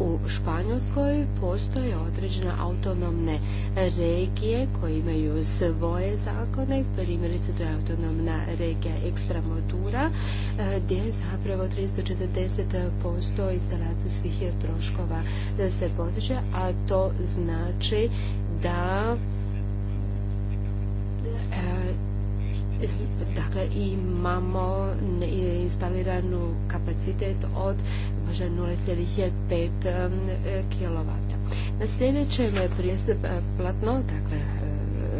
U Španjolskoj postoje određene autonomne regije koje imaju svoje zakone, primjerice to je autonomna regija Ekstramotura, e, gdje zapravo 340% instalacijskih troškova e, se podiže, a to znači da Dakle, imamo instaliranu kapacitet od možda 0,5 kW. Na sljedećem e, platno dakle, e,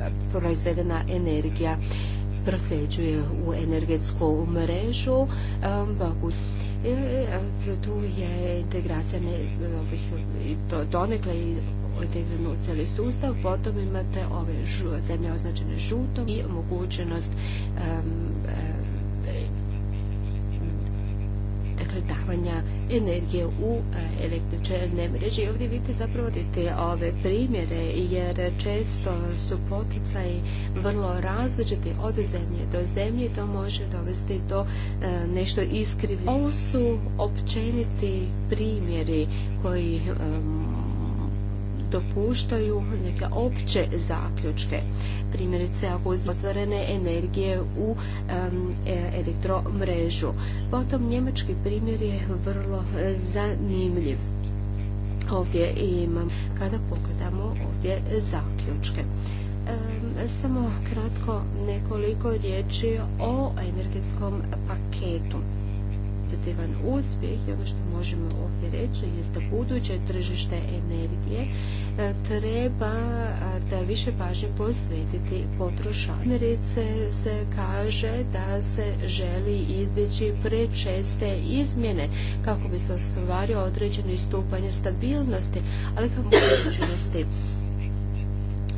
e, proizvedena energija prosljeđuje u energetsku mrežu. tu je integracija donekle i integrirano u cijeli sustav, potom imate ove zemlje označene žutom i mogućnost dakle, davanja energije u eh, električne mreže. I ovdje vidite zapravo te ove primjere jer često su poticaji vrlo različiti od zemlje do zemlje i to može dovesti do eh, nešto iskrivljenja. Ovo su općeniti primjeri koji dopuštaju neke opće zaključke. Primjerice, ako uzmo energije u e, elektromrežu. Potom njemački primjer je vrlo e, zanimljiv. Ovdje imam, kada pogledamo ovdje zaključke. samo kratko nekoliko riječi o energetskom paketu pozitivan uspjeh i ono što možemo ovdje reći jest da buduće tržište energije e, treba da više pažnje posvetiti potrošnji Merice se kaže da se želi izbjeći prečeste izmjene kako bi se ostvario određeno istupanje stabilnosti, ali kako mogućnosti.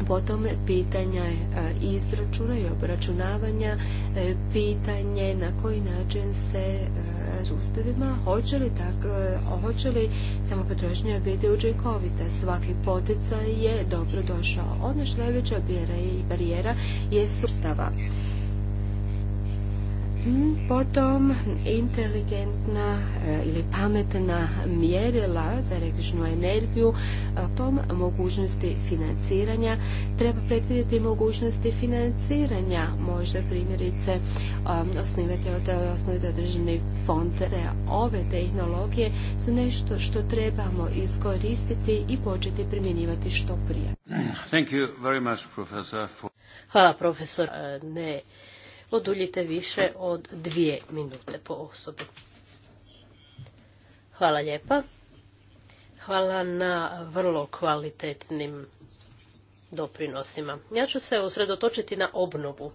Potom pitanja e, izračuna i obračunavanja, e, pitanje na koji način se sustavima, hoće li, tak, e, hoće li samo potrošnja biti učinkovita. Svaki poticaj je dobro došao. Ono što najveća barijera je sustava. Potom inteligentna eh, ili pametna mjerila za električnu energiju, tom mogućnosti financiranja. Treba predvidjeti mogućnosti financiranja, možda primjerice um, osnivati od, određeni fond. Ove tehnologije su nešto što trebamo iskoristiti i početi primjenjivati što prije. Hvala profesor. Eh, ne oduljite više od dvije minute po osobi. Hvala lijepa. Hvala na vrlo kvalitetnim doprinosima. Ja ću se usredotočiti na obnovu.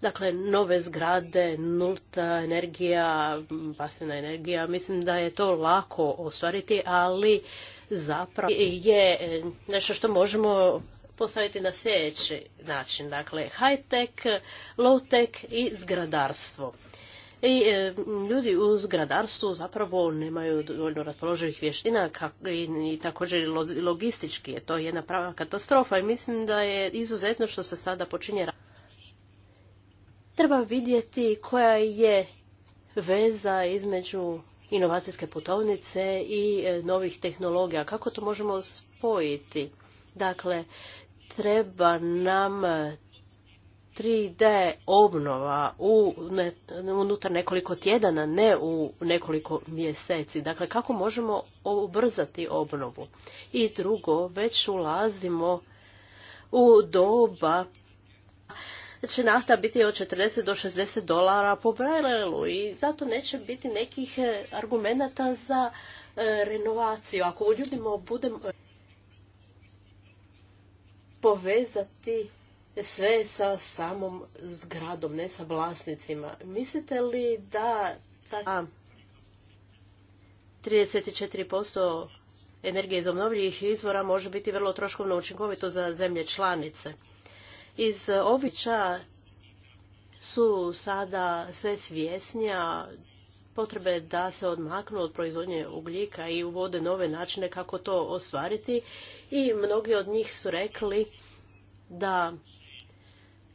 Dakle, nove zgrade, nulta energija, pasivna energija, mislim da je to lako ostvariti, ali zapravo je e, nešto što možemo postaviti na sljedeći način. Dakle, high-tech, low-tech i zgradarstvo. I e, ljudi u zgradarstvu zapravo nemaju dovoljno raspoloživih vještina i, i također logistički je to jedna prava katastrofa i mislim da je izuzetno što se sada počinje. Treba vidjeti koja je veza između inovacijske putovnice i e, novih tehnologija. Kako to možemo spojiti? Dakle, treba nam 3D e, obnova unutar nekoliko tjedana, ne u nekoliko mjeseci. Dakle, kako možemo ubrzati obnovu? I drugo, već ulazimo u doba će nafta biti od 40 do 60 dolara po brajlelu i zato neće biti nekih e, argumenata za e, renovaciju. Ako u ljudima budemo povezati sve sa samom zgradom, ne sa vlasnicima. Mislite li da ta 34% energije iz obnovljivih izvora može biti vrlo troškovno učinkovito za zemlje članice? iz običa su sada sve svjesnija potrebe da se odmaknu od proizvodnje ugljika i uvode nove načine kako to ostvariti i mnogi od njih su rekli da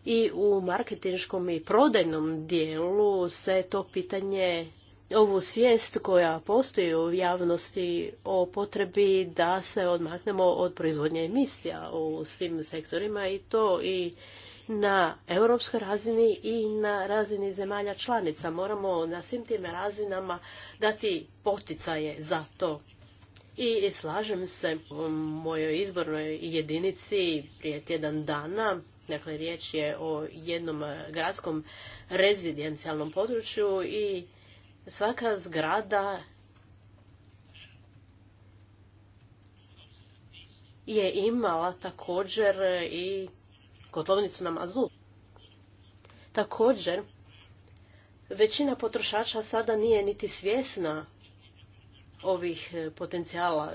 i u marketinškom i prodajnom dijelu se to pitanje ovu svijest koja postoji u javnosti o potrebi da se odmaknemo od proizvodnje emisija u svim sektorima i to i na europskoj razini i na razini zemalja članica. Moramo na svim tim razinama dati poticaje za to. I slažem se u mojoj izbornoj jedinici prije tjedan dana Dakle, riječ je o jednom gradskom rezidencijalnom području i svaka zgrada je imala također i kotlovnicu na mazut. Također, većina potrošača sada nije niti svjesna ovih e, potencijala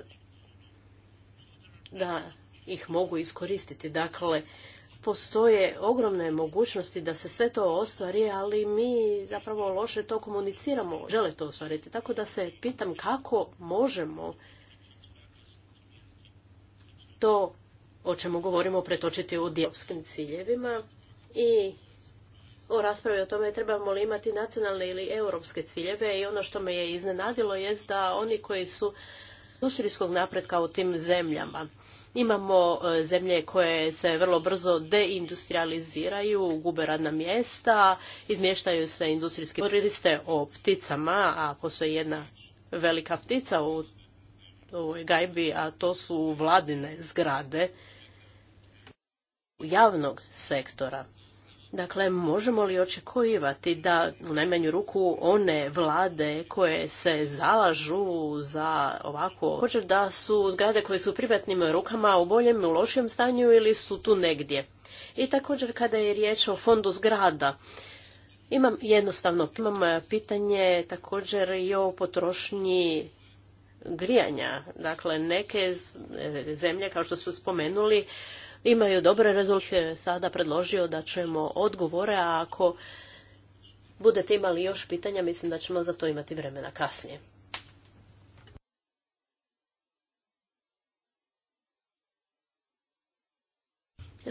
da ih mogu iskoristiti. Dakle, postoje ogromne mogućnosti da se sve to ostvari, ali mi zapravo loše to komuniciramo, žele to ostvariti. Tako da se pitam kako možemo to o čemu govorimo pretočiti u diopskim ciljevima i o raspravi o tome trebamo li imati nacionalne ili europske ciljeve i ono što me je iznenadilo je da oni koji su industrijskog napretka u tim zemljama Imamo e, zemlje koje se vrlo brzo deindustrializiraju, gube radna mjesta, izmještaju se industrijski. Govorili ste o pticama, a postoji jedna velika ptica u gajbi, a to su vladine zgrade javnog sektora. Dakle, možemo li očekivati da u najmanju ruku one vlade koje se zalažu za ovako, hoće da su zgrade koje su u privatnim rukama u boljem i lošijem stanju ili su tu negdje? I također kada je riječ o fondu zgrada, imam jednostavno imam e, pitanje također i o potrošnji grijanja. Dakle, neke e, zemlje, kao što su spomenuli, imaju dobre rezultate. Sada predložio da ćemo odgovore, a ako budete imali još pitanja, mislim da ćemo za to imati vremena kasnije.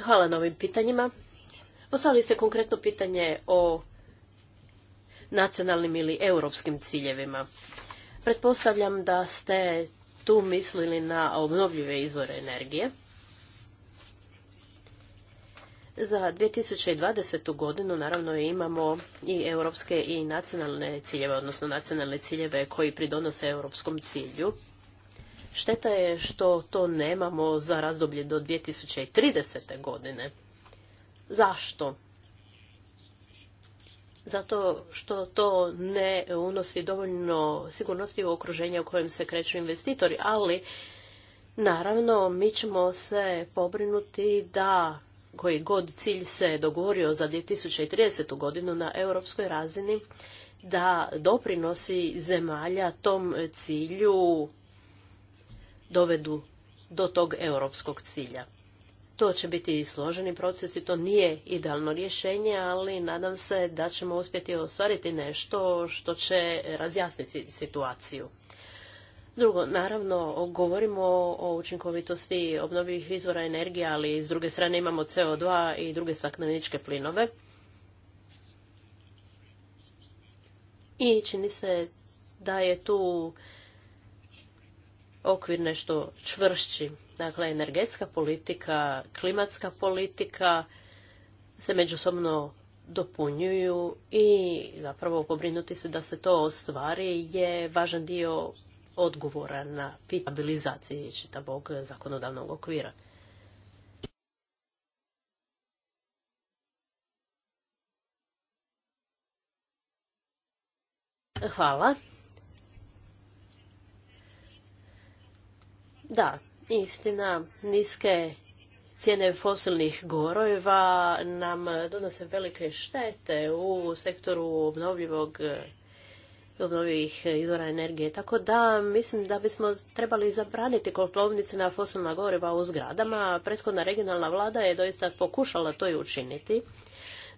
Hvala na ovim pitanjima. Postavili ste konkretno pitanje o nacionalnim ili europskim ciljevima. Pretpostavljam da ste tu mislili na obnovljive izvore energije. Za 2020. godinu naravno imamo i europske i nacionalne ciljeve, odnosno nacionalne ciljeve koji pridonose europskom cilju. Šteta je što to nemamo za razdoblje do 2030. godine. Zašto? Zato što to ne unosi dovoljno sigurnosti u okruženje u kojem se kreću investitori, ali naravno mi ćemo se pobrinuti da koji god cilj se dogovorio za 2030. godinu na europskoj razini, da doprinosi zemalja tom cilju dovedu do tog europskog cilja. To će biti složeni proces i to nije idealno rješenje, ali nadam se da ćemo uspjeti ostvariti nešto što će razjasniti situaciju. Drugo, naravno, govorimo o učinkovitosti obnovljivih izvora energije, ali s druge strane imamo CO2 i druge stakleničke plinove. I čini se da je tu okvir nešto čvršći. Dakle, energetska politika, klimatska politika se međusobno dopunjuju i zapravo pobrinuti se da se to ostvari je važan dio odgovora na stabilizaciji čitavog zakonodavnog okvira. Hvala. Da, istina, niske cijene fosilnih gorojeva nam donose velike štete u sektoru obnovljivog obnovljivih e, izvora energije. Tako da mislim da bismo trebali zabraniti kotlovnice na fosilna goriva u zgradama. Prethodna regionalna vlada je doista pokušala to i učiniti.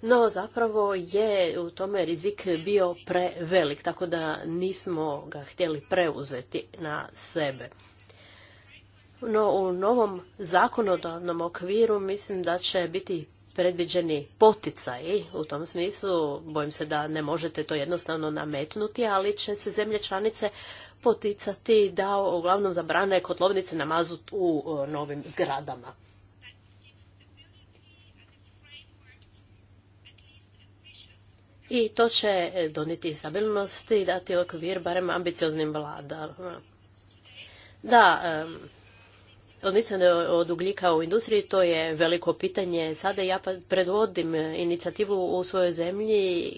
No zapravo je u tome rizik bio prevelik, tako da nismo ga htjeli preuzeti na sebe. No u novom zakonodavnom okviru mislim da će biti predviđeni poticaji u tom smislu. Bojim se da ne možete to jednostavno nametnuti, ali će se zemlje članice poticati da uglavnom zabrane kotlovnice na mazut u e, novim zgradama. I to će e, doniti stabilnost i dati okvir barem ambicioznim vladama. Da, odmicanje od ugljika u industriji, to je veliko pitanje. Sada ja pa- predvodim inicijativu u svojoj zemlji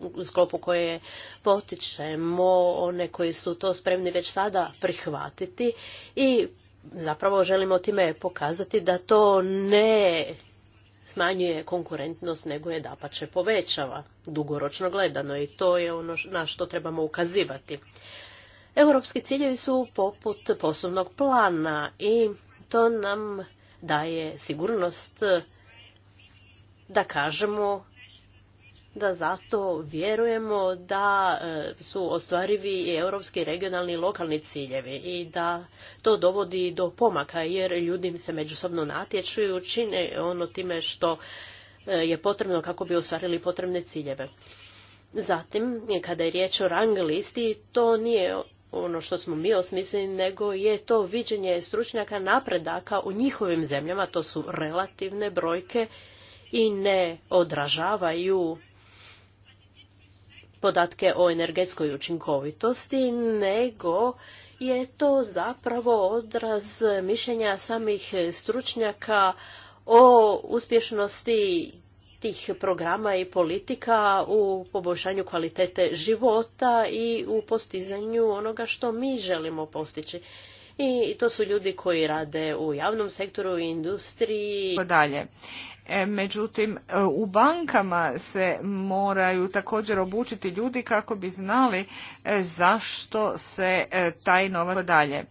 u sklopu koje potičemo one koji su to spremni već sada prihvatiti i zapravo želimo time pokazati da to ne smanjuje konkurentnost, nego je dapače povećava dugoročno gledano i to je ono na što trebamo ukazivati. Europski ciljevi su poput poslovnog plana i to nam daje sigurnost da kažemo da zato vjerujemo da e, su ostvarivi i europski regionalni i lokalni ciljevi i da to dovodi do pomaka jer ljudi se međusobno natječuju i učine ono time što e, je potrebno kako bi ostvarili potrebne ciljeve. Zatim, kada je riječ o rang listi, to nije ono što smo mi osmislili, nego je to viđenje stručnjaka napredaka u njihovim zemljama. To su relativne brojke i ne odražavaju podatke o energetskoj učinkovitosti, nego je to zapravo odraz mišljenja samih stručnjaka o uspješnosti tih programa i politika u poboljšanju kvalitete života i u postizanju onoga što mi želimo postići. I to su ljudi koji rade u javnom sektoru, u industriji. Dalje. E, međutim, e, u bankama se moraju također obučiti ljudi kako bi znali e, zašto se taj novac dalje.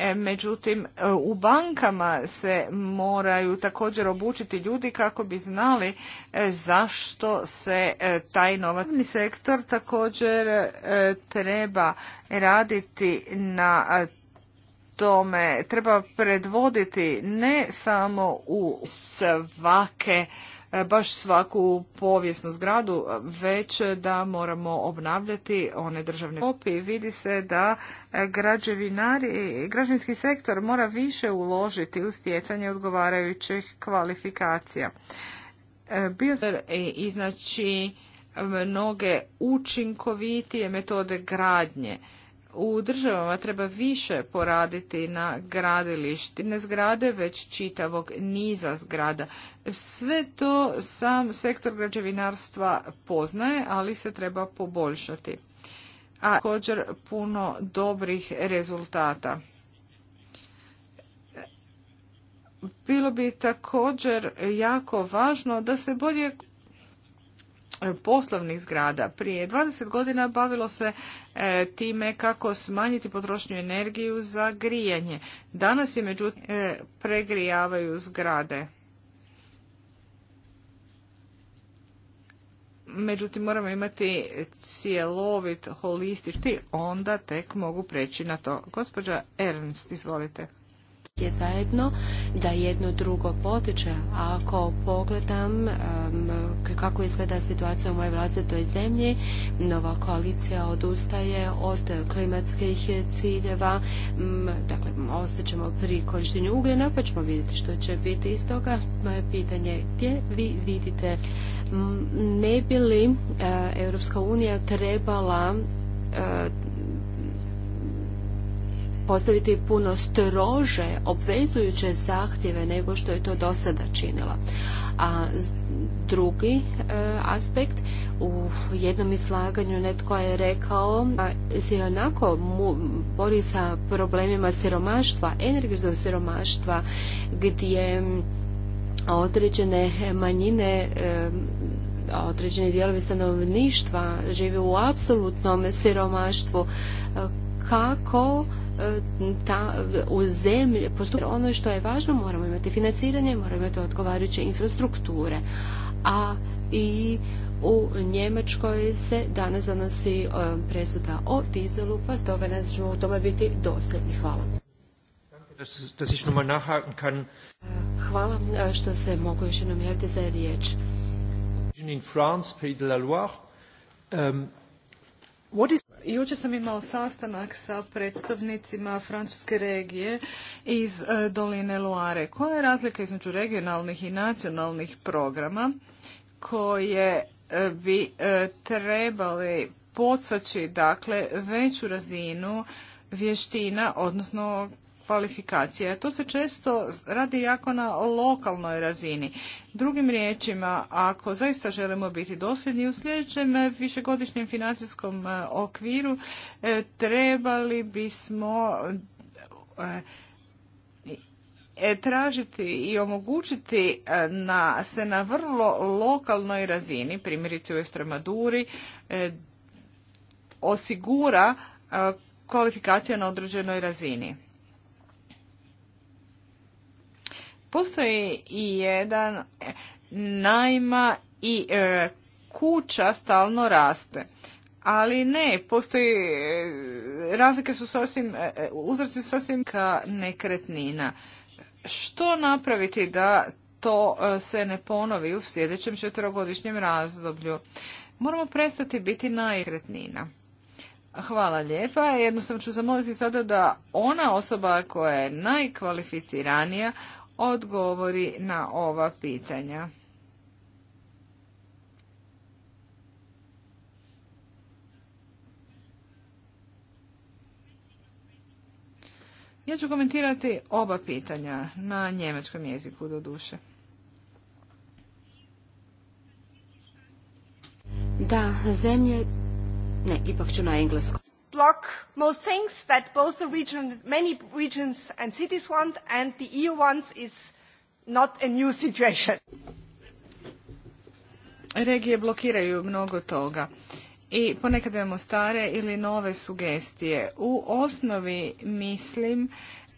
E, međutim, e, u bankama se moraju također obučiti ljudi kako bi znali e, zašto se taj novatni sektor također treba raditi na tome, treba predvoditi ne samo u svake E, baš svaku povijesnu zgradu, e, već da moramo obnavljati one državne kopije. Vidi se da e, građevinari, građevinski sektor mora više uložiti u stjecanje odgovarajućih kvalifikacija. Bio i znači mnoge učinkovitije metode gradnje u državama treba više poraditi na gradilišti, ne zgrade, već čitavog niza zgrada. Sve to sam sektor građevinarstva poznaje, ali se treba poboljšati. A također puno dobrih rezultata. Bilo bi također jako važno da se bolje poslovnih zgrada. Prije 20 godina bavilo se e, time kako smanjiti potrošnju energiju za grijanje. Danas je međutim e, pregrijavaju zgrade. Međutim, moramo imati cjelovit, holistički, onda tek mogu preći na to. Gospođa Ernst, izvolite je zajedno, da jedno drugo potiče. ako pogledam kako izgleda situacija u mojoj vlastitoj zemlji, nova koalicija odustaje od klimatskih ciljeva, dakle ostaćemo pri korištenju ugljena pa ćemo vidjeti što će biti iz toga. Moje pitanje je gdje vi vidite ne bi li e, Europska unija trebala e, postaviti puno strože obvezujuće zahtjeve nego što je to do sada činila. A drugi e, aspekt, u jednom izlaganju netko je rekao da se onako bori sa problemima siromaštva, energetskog siromaštva, gdje određene manjine e, određeni dijelovi stanovništva žive u apsolutnom siromaštvu kako e, ta, u zemlji postupno ono što je važno moramo imati financiranje, moramo imati odgovarajuće infrastrukture. A i u Njemačkoj se danas donosi e, presuda o dizelu, pa stoga nas ćemo u tome biti dosljedni. Hvala. E, hvala što se mogu još jednom javiti za riječ. In France, um, Jučer sam imao sastanak sa predstavnicima francuske regije iz e, Doline Loire. Koja je razlika između regionalnih i nacionalnih programa koje e, bi e, trebali podsaći dakle veću razinu vještina, odnosno kvalifikacija. To se često radi jako na lokalnoj razini. Drugim riječima, ako zaista želimo biti dosljedni u sljedećem višegodišnjem financijskom e, okviru, e, trebali bismo e, tražiti i omogućiti na, se na vrlo lokalnoj razini, primjerice u Estremaduri, osigura kvalifikacija na određenoj razini. Postoji i jedan najma i e, kuća stalno raste. Ali ne, postoji, e, razlike su sasvim, e, uzroci sasvim ka nekretnina. Što napraviti da to se ne ponovi u sljedećem četvrogodišnjem razdoblju? Moramo prestati biti na nekretnina. Hvala lijepa. Jednostavno ću zamoliti sada da ona osoba koja je najkvalificiranija odgovori na ova pitanja. Ja ću komentirati oba pitanja na njemačkom jeziku do duše. Da, zemlje... Ne, ipak ću na engleskom block most things that both the region, many regions and cities want and the EU wants is not a new situation. Regije blokiraju mnogo toga i ponekad imamo stare ili nove sugestije. U osnovi mislim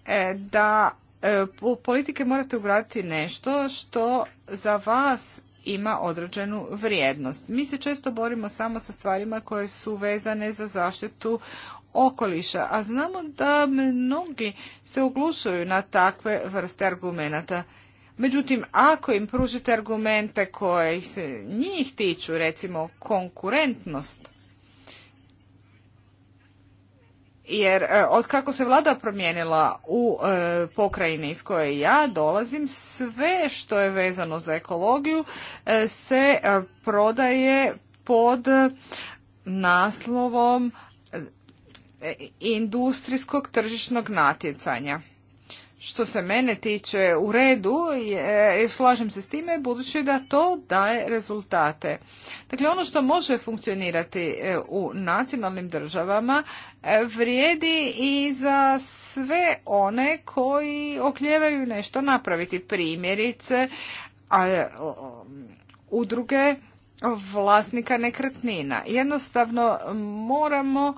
e, da e, u politike morate ugraditi nešto što za vas ima određenu vrijednost. Mi se često borimo samo sa stvarima koje su vezane za zaštitu okoliša, a znamo da mnogi se oglušuju na takve vrste argumenata. Međutim, ako im pružite argumente koje se njih tiču, recimo konkurentnost, jer e, od kako se vlada promijenila u e, pokrajini iz koje ja dolazim, sve što je vezano za ekologiju e, se prodaje pod naslovom industrijskog tržišnog natjecanja što se mene tiče u redu, je, e, slažem se s time, budući da to daje rezultate. Dakle, ono što može funkcionirati e, u nacionalnim državama e, vrijedi i za sve one koji okljevaju nešto napraviti. Primjerice, a, udruge vlasnika nekretnina. Jednostavno moramo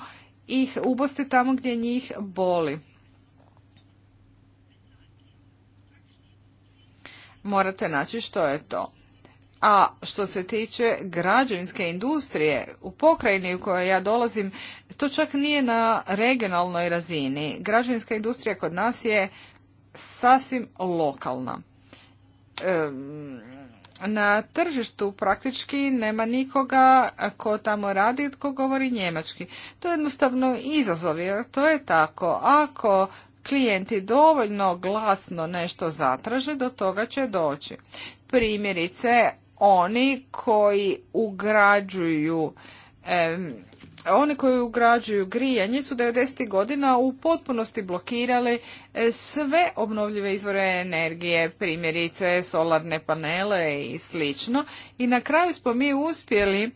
ih ubosti tamo gdje njih boli. morate naći što je to. A što se tiče građevinske industrije u pokrajini u kojoj ja dolazim, to čak nije na regionalnoj razini. Građevinska industrija kod nas je sasvim lokalna. Na tržištu praktički nema nikoga ko tamo radi, tko govori njemački. To je jednostavno izazov, jer to je tako. Ako klijenti dovoljno glasno nešto zatraže, do toga će doći. Primjerice, oni koji ugrađuju oni koji ugrađuju grijanje su 90. godina u potpunosti blokirali e, sve obnovljive izvore energije, primjerice solarne panele i slično. I na kraju smo mi uspjeli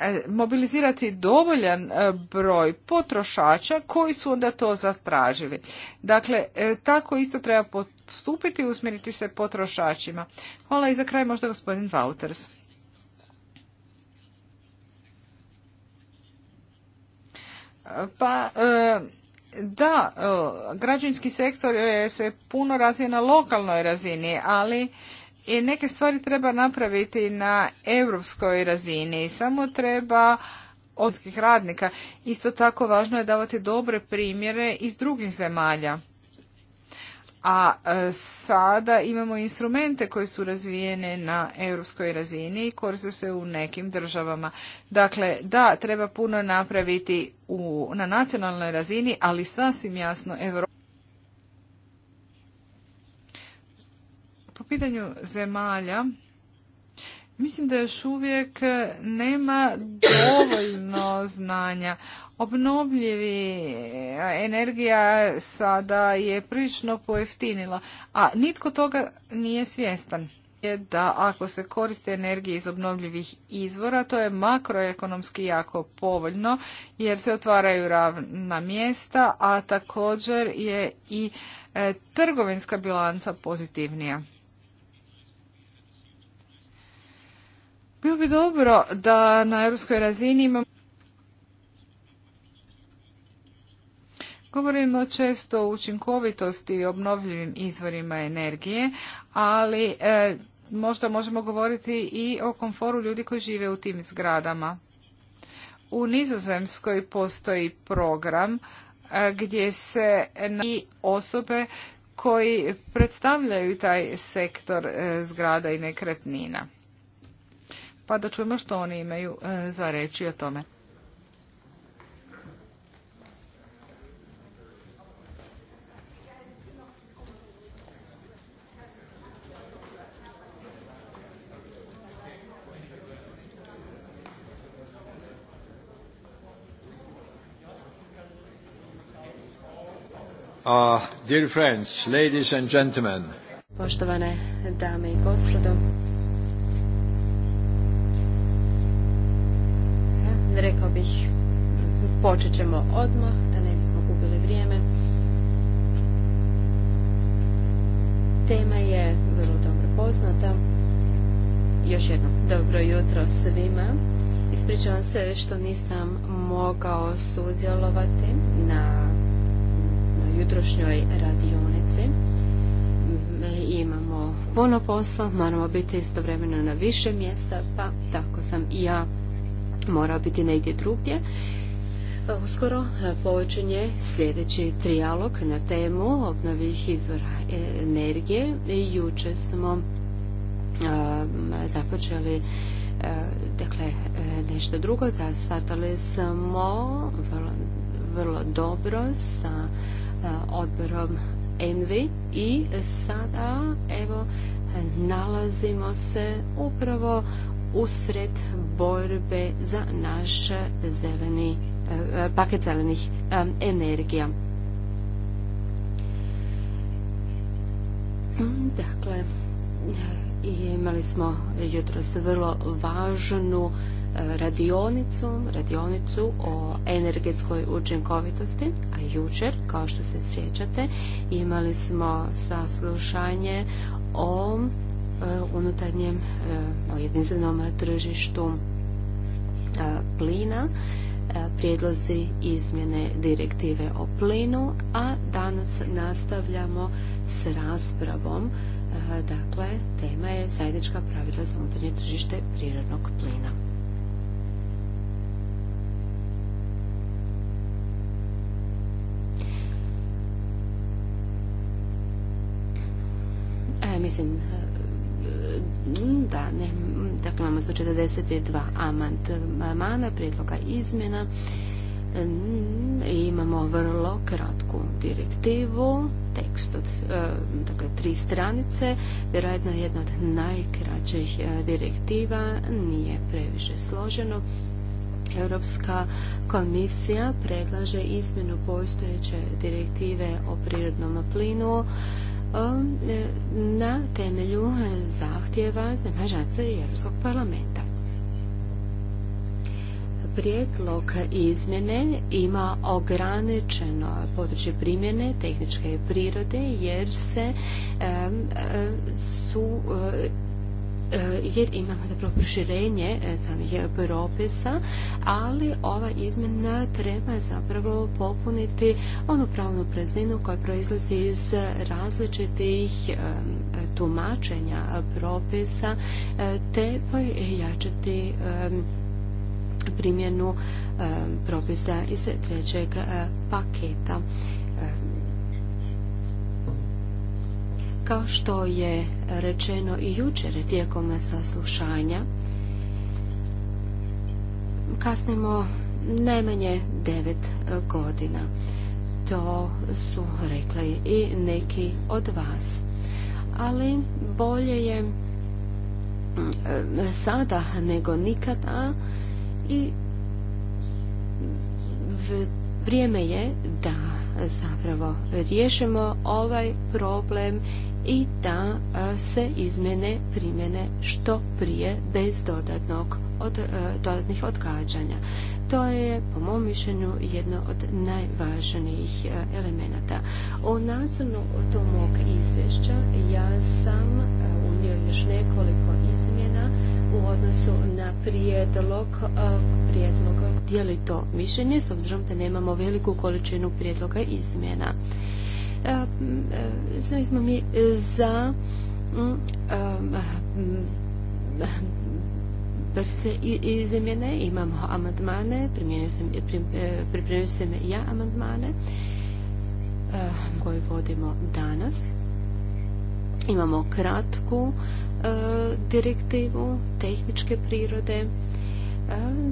E, mobilizirati dovoljan e, broj potrošača koji su onda to zatražili. Dakle, e, tako isto treba postupiti i usmjeriti se potrošačima. Hvala i za kraj možda gospodin Vauters. Pa, da, građanski sektor se puno razvija na lokalnoj razini, ali i neke stvari treba napraviti na europskoj razini. Samo treba odskih radnika. Isto tako važno je davati dobre primjere iz drugih zemalja. A e, sada imamo instrumente koji su razvijene na europskoj razini i koriste se u nekim državama. Dakle, da, treba puno napraviti u, na nacionalnoj razini, ali sasvim jasno Evropa pitanju zemalja, mislim da još uvijek nema dovoljno znanja. Obnovljivi energija sada je prilično pojeftinila, a nitko toga nije svjestan je da ako se koriste energije iz obnovljivih izvora, to je makroekonomski jako povoljno jer se otvaraju ravna mjesta, a također je i e, trgovinska bilanca pozitivnija. Bilo bi dobro da na europskoj razini imamo Govorimo često o učinkovitosti i obnovljivim izvorima energije, ali e, možda možemo govoriti i o komforu ljudi koji žive u tim zgradama. U Nizozemskoj postoji program e, gdje se i osobe koji predstavljaju taj sektor e, zgrada i nekretnina pa da čujemo što oni imaju e, za reći o tome. Ah, Poštovane dame i gospodo, rekao bih počet ćemo odmah da ne bismo gubili vrijeme. Tema je vrlo dobro poznata. Još jednom, dobro jutro svima. Ispričavam se što nisam mogao sudjelovati na, na jutrošnjoj radionici. Mm, imamo puno posla, moramo biti istovremeno na više mjesta, pa tako sam i ja mora biti negdje drugdje. E, uskoro e, počinje sljedeći trijalog na temu obnovih izvora e, energije. Juče smo započeli dakle nešto drugo. Startali smo vrlo, vrlo dobro sa odborom Envi i sada evo nalazimo se upravo usred borbe za naš e, zeleni, e, e, paket zelenih energija. Dakle, imali smo jutros vrlo važnu radionicu, radionicu o energetskoj učinkovitosti, a jučer, kao što se sjećate, imali smo saslušanje o E, unutarnjem, e, o jedinstvenom tržištu e, plina, prijedlozi izmjene direktive o plinu, a danas nastavljamo s raspravom. Dakle, tema je zajednička pravila za unutarnje tržište prirodnog plina. E, mislim, Dakle, imamo 142 amandmana, prijedloga izmjena i imamo vrlo kratku direktivu, tekst od e, dakle, tri stranice, vjerojatno jedna od najkraćih e, direktiva, nije previše složeno. Europska komisija predlaže izmjenu postojeće direktive o prirodnom plinu E, na temelju e, zahtjeva zemaljaca i Europskog parlamenta. Prijedlog izmjene ima ograničeno područje primjene tehničke prirode jer se e, su E, jer imamo zapravo dakle proširenje e, samih propisa, ali ova izmjena treba zapravo popuniti onu pravnu prezinu koja proizlazi iz različitih e, tumačenja propisa te pojačati primjenu propisa iz trećeg paketa. Kao što je rečeno i jučer tijekom saslušanja, kasnimo najmanje devet godina. To su rekli i neki od vas. Ali bolje je mm, sada nego nikada i vrijeme je da zapravo riješimo ovaj problem i da e, se izmjene primjene što prije bez dodatnog od, e, dodatnih odgađanja. To je, po mom mišljenju, jedno od najvažnijih e, elemenata. O nadzornu to mog izvješća ja sam unio još nekoliko izmjena u odnosu na prijedlog, prijedloga dijeli to mišljenje s obzirom da nemamo veliku količinu prijedloga izmjena. Sve e, smo mi za brze izmjene, imamo amandmane, e, pripremio sam ja amandmane koje vodimo danas Imamo kratku e, direktivu tehničke prirode. E,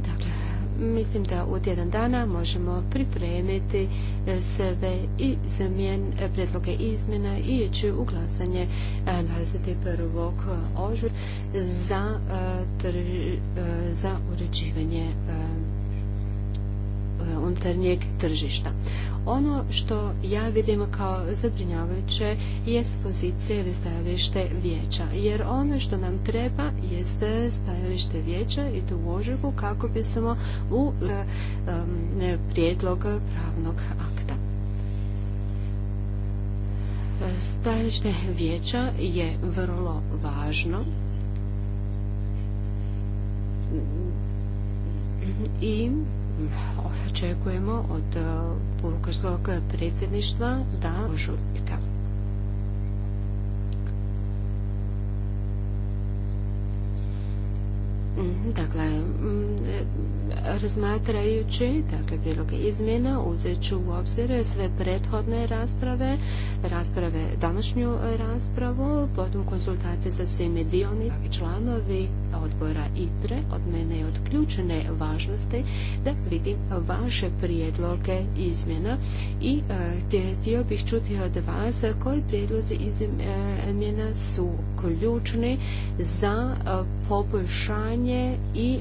dakle, mislim da u tjedan dana možemo pripremiti sebe i zamjen, e, predloge izmjena i ići u glasanje 21. ožujka za, za uređivanje Eh, unutarnjeg tržišta. Ono što ja vidim kao zabrinjavajuće je pozicija ili stajalište vijeća, jer ono što nam treba jeste stajalište vijeća i to u ožujku kako bismo u eh, prijedlog pravnog akta. Stajalište vijeća je vrlo važno i očekujemo od bugarskog eh, predsjedništva da ožujka. Mm, dakle, mm, razmatrajući dakle, priloge izmjena uzet ću u obzir sve prethodne rasprave, rasprave današnju raspravu, potom konsultacije sa svimi dioni i članovi odbora ITRE od mene je odključene važnosti da vidim vaše prijedloge izmjena i e, htio bih čuti od vas koji prijedlozi izmjena su ključni za e, poboljšanje pitanje i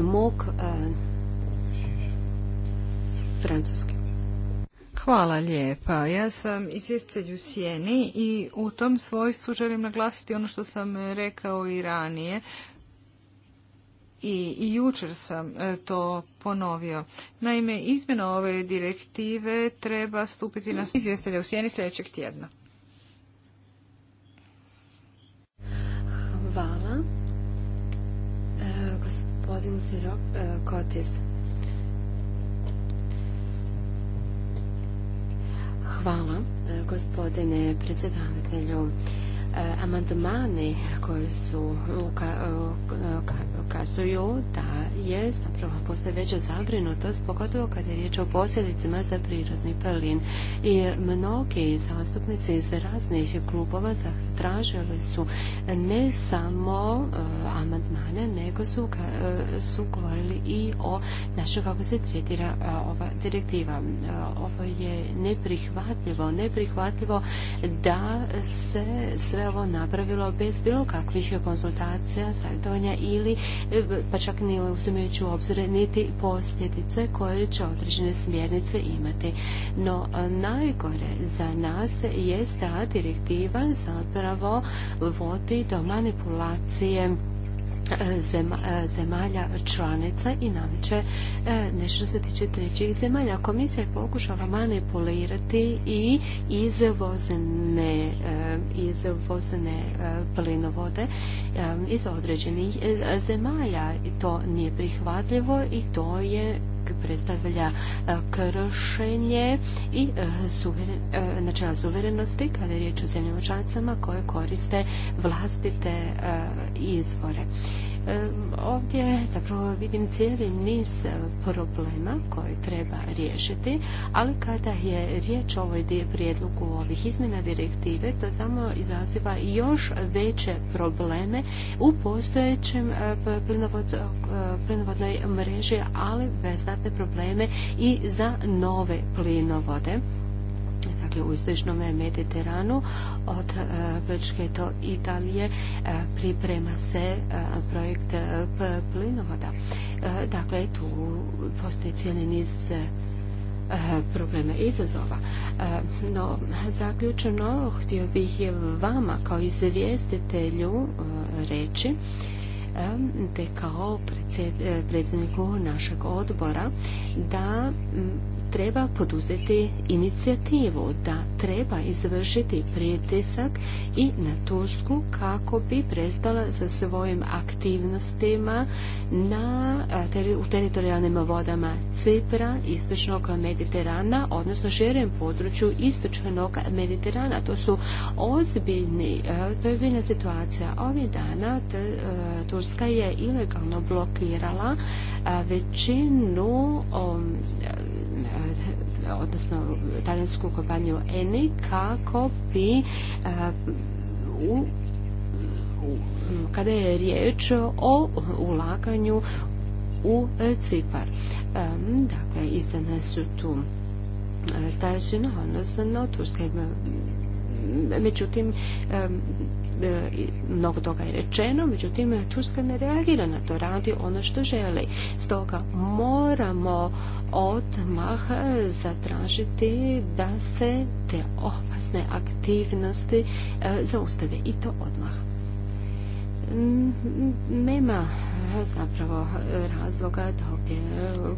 mog francuski. Hvala lijepa. Ja sam izvjestitelj u Sjeni i u tom svojstvu želim naglasiti ono što sam rekao i ranije. I, jučer sam e, to ponovio. Naime, izmjena ove direktive treba stupiti na izvjestelja u sjeni sljedećeg tjedna. gospodin e, Kotis. Hvala, e, gospodine predsjedavatelju. E, amandmani koji su pokazuju da je zapravo postoje veća zabrinutost, pogotovo kada je riječ o posljedicima za prirodni pelin I mnogi zastupnici iz raznih klubova zatražili su ne samo e, amandmane, nego eh, su, govorili i o našoj kako se tretira eh, ova direktiva. Ovo je neprihvatljivo, neprihvatljivo da se sve ovo napravilo bez bilo kakvih konsultacija, savjetovanja ili E, pa čak ni uzimajući u obzir niti posljedice koje će određene smjernice imati. No e, najgore za nas je da direktiva zapravo vodi do manipulacije E, zemalja članica i nameće e, nešto što se tiče trećih zemalja. Komisija je pokušala manipulirati i izvozne, e, izvozne plinovode iz određenih zemalja. To nije prihvatljivo i to je predstavlja e, kršenje i e, e, načela suverenosti kada je riječ o zemljama članicama koje koriste vlastite izvore. Ovdje zapravo vidim cijeli niz e, problema koje treba riješiti, ali kada je riječ o ovoj prijedlogu ovih izmjena direktive, to samo izaziva još veće probleme u postojećem e, e, plinovodnoj mreži, ali znatne probleme i za nove plinovode dakle u istočnom Mediteranu od e, Grčke do Italije e, priprema se e, projekt plinovoda. Dakle, tu postoji cijeli niz problema izazova. No, zaključeno, htio bih vama kao izvjestitelju reći te kao predsjedniku našeg odbora da treba poduzeti inicijativu, da treba izvršiti pritisak i na Tursku kako bi prestala sa svojim aktivnostima na, u teritorijalnim vodama Cipra, istočnog Mediterana, odnosno širem području istočnog Mediterana. To su ozbiljni, to je situacija. Ovih dana Turska je ilegalno blokirala većinu odnosno talijansku kompaniju Eni kako bi eh, u, kada je riječ o ulaganju u Cipar. Dakle, izdane su tu eh, stajačina, odnosno Turska Međutim, E, mnogo toga je rečeno, međutim Turska ne reagira na to, radi ono što želi. Stoga moramo odmah zatražiti da se te opasne aktivnosti e, zaustave i to odmah nema zapravo razloga da ovdje e,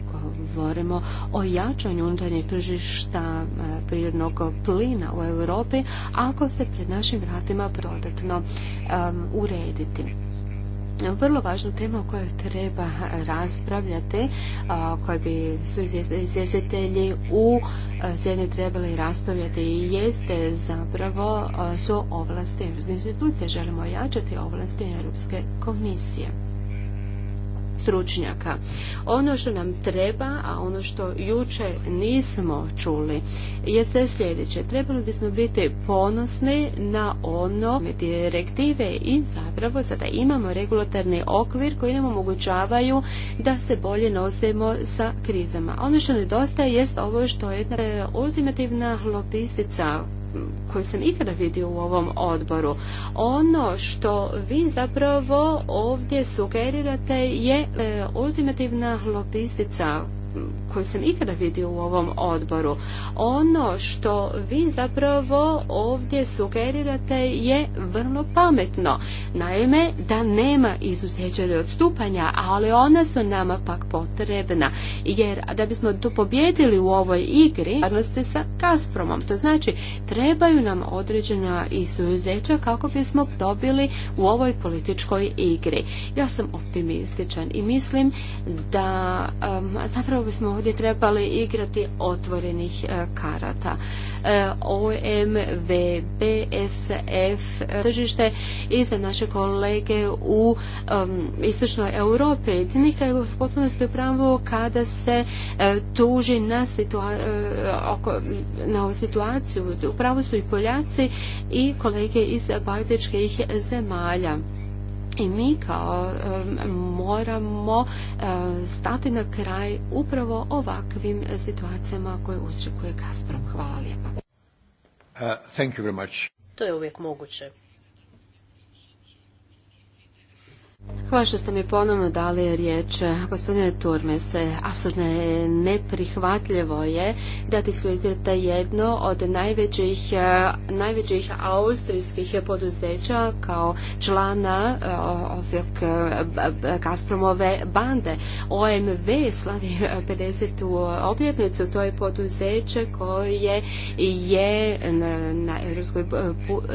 govorimo o jačanju unutarnjeg tržišta e, prirodnog plina u Europi ako se pred našim vratima prodatno e, urediti vrlo važnu tema o kojoj treba raspravljati, o kojoj bi su izvjestitelji u zemlji trebali raspravljati i jeste zapravo su ovlasti europske institucije. Želimo ojačati ovlasti Europske komisije stručnjaka. Ono što nam treba, a ono što juče nismo čuli, jeste sljedeće. Trebali bismo biti ponosni na ono direktive i zapravo sada imamo regulatorni okvir koji nam omogućavaju da se bolje nosimo sa krizama. Ono što nedostaje jest ovo što je ultimativna lopistica koju sam ikada vidio u ovom odboru. Ono što vi zapravo ovdje sugerirate je e, ultimativna lobistica koju sam ikada vidio u ovom odboru. Ono što vi zapravo ovdje sugerirate je vrlo pametno. Naime, da nema izuzeća odstupanja, ali ona su nama pak potrebna. Jer da bismo to pobjedili u ovoj igri, ste sa Kaspromom. To znači, trebaju nam određena izuzeća kako bismo dobili u ovoj političkoj igri. Ja sam optimističan i mislim da zapravo bismo ovdje trebali igrati otvorenih e, karata. E, OMVBSF SF e, tržište i za naše kolege u istočnoj Europi. Nika je u potpunosti upravo kada se tuži na, situaciju. Upravo su i Poljaci i kolege iz baltičkih zemalja i mi kao moramo e, stati na kraj upravo ovakvim situacijama koje uzrokuje Gazprom. Hvala lijepa. Uh, to je uvijek moguće. Hvala što ste mi ponovno dali riječ. Gospodine Turmes, apsolutno je neprihvatljivo je da diskreditirate jedno od najvećih, eh, najvećih austrijskih poduzeća kao člana eh, ovog eh, Gazpromove bande. OMV slavi 50. obljetnicu, to je poduzeće koje je na, na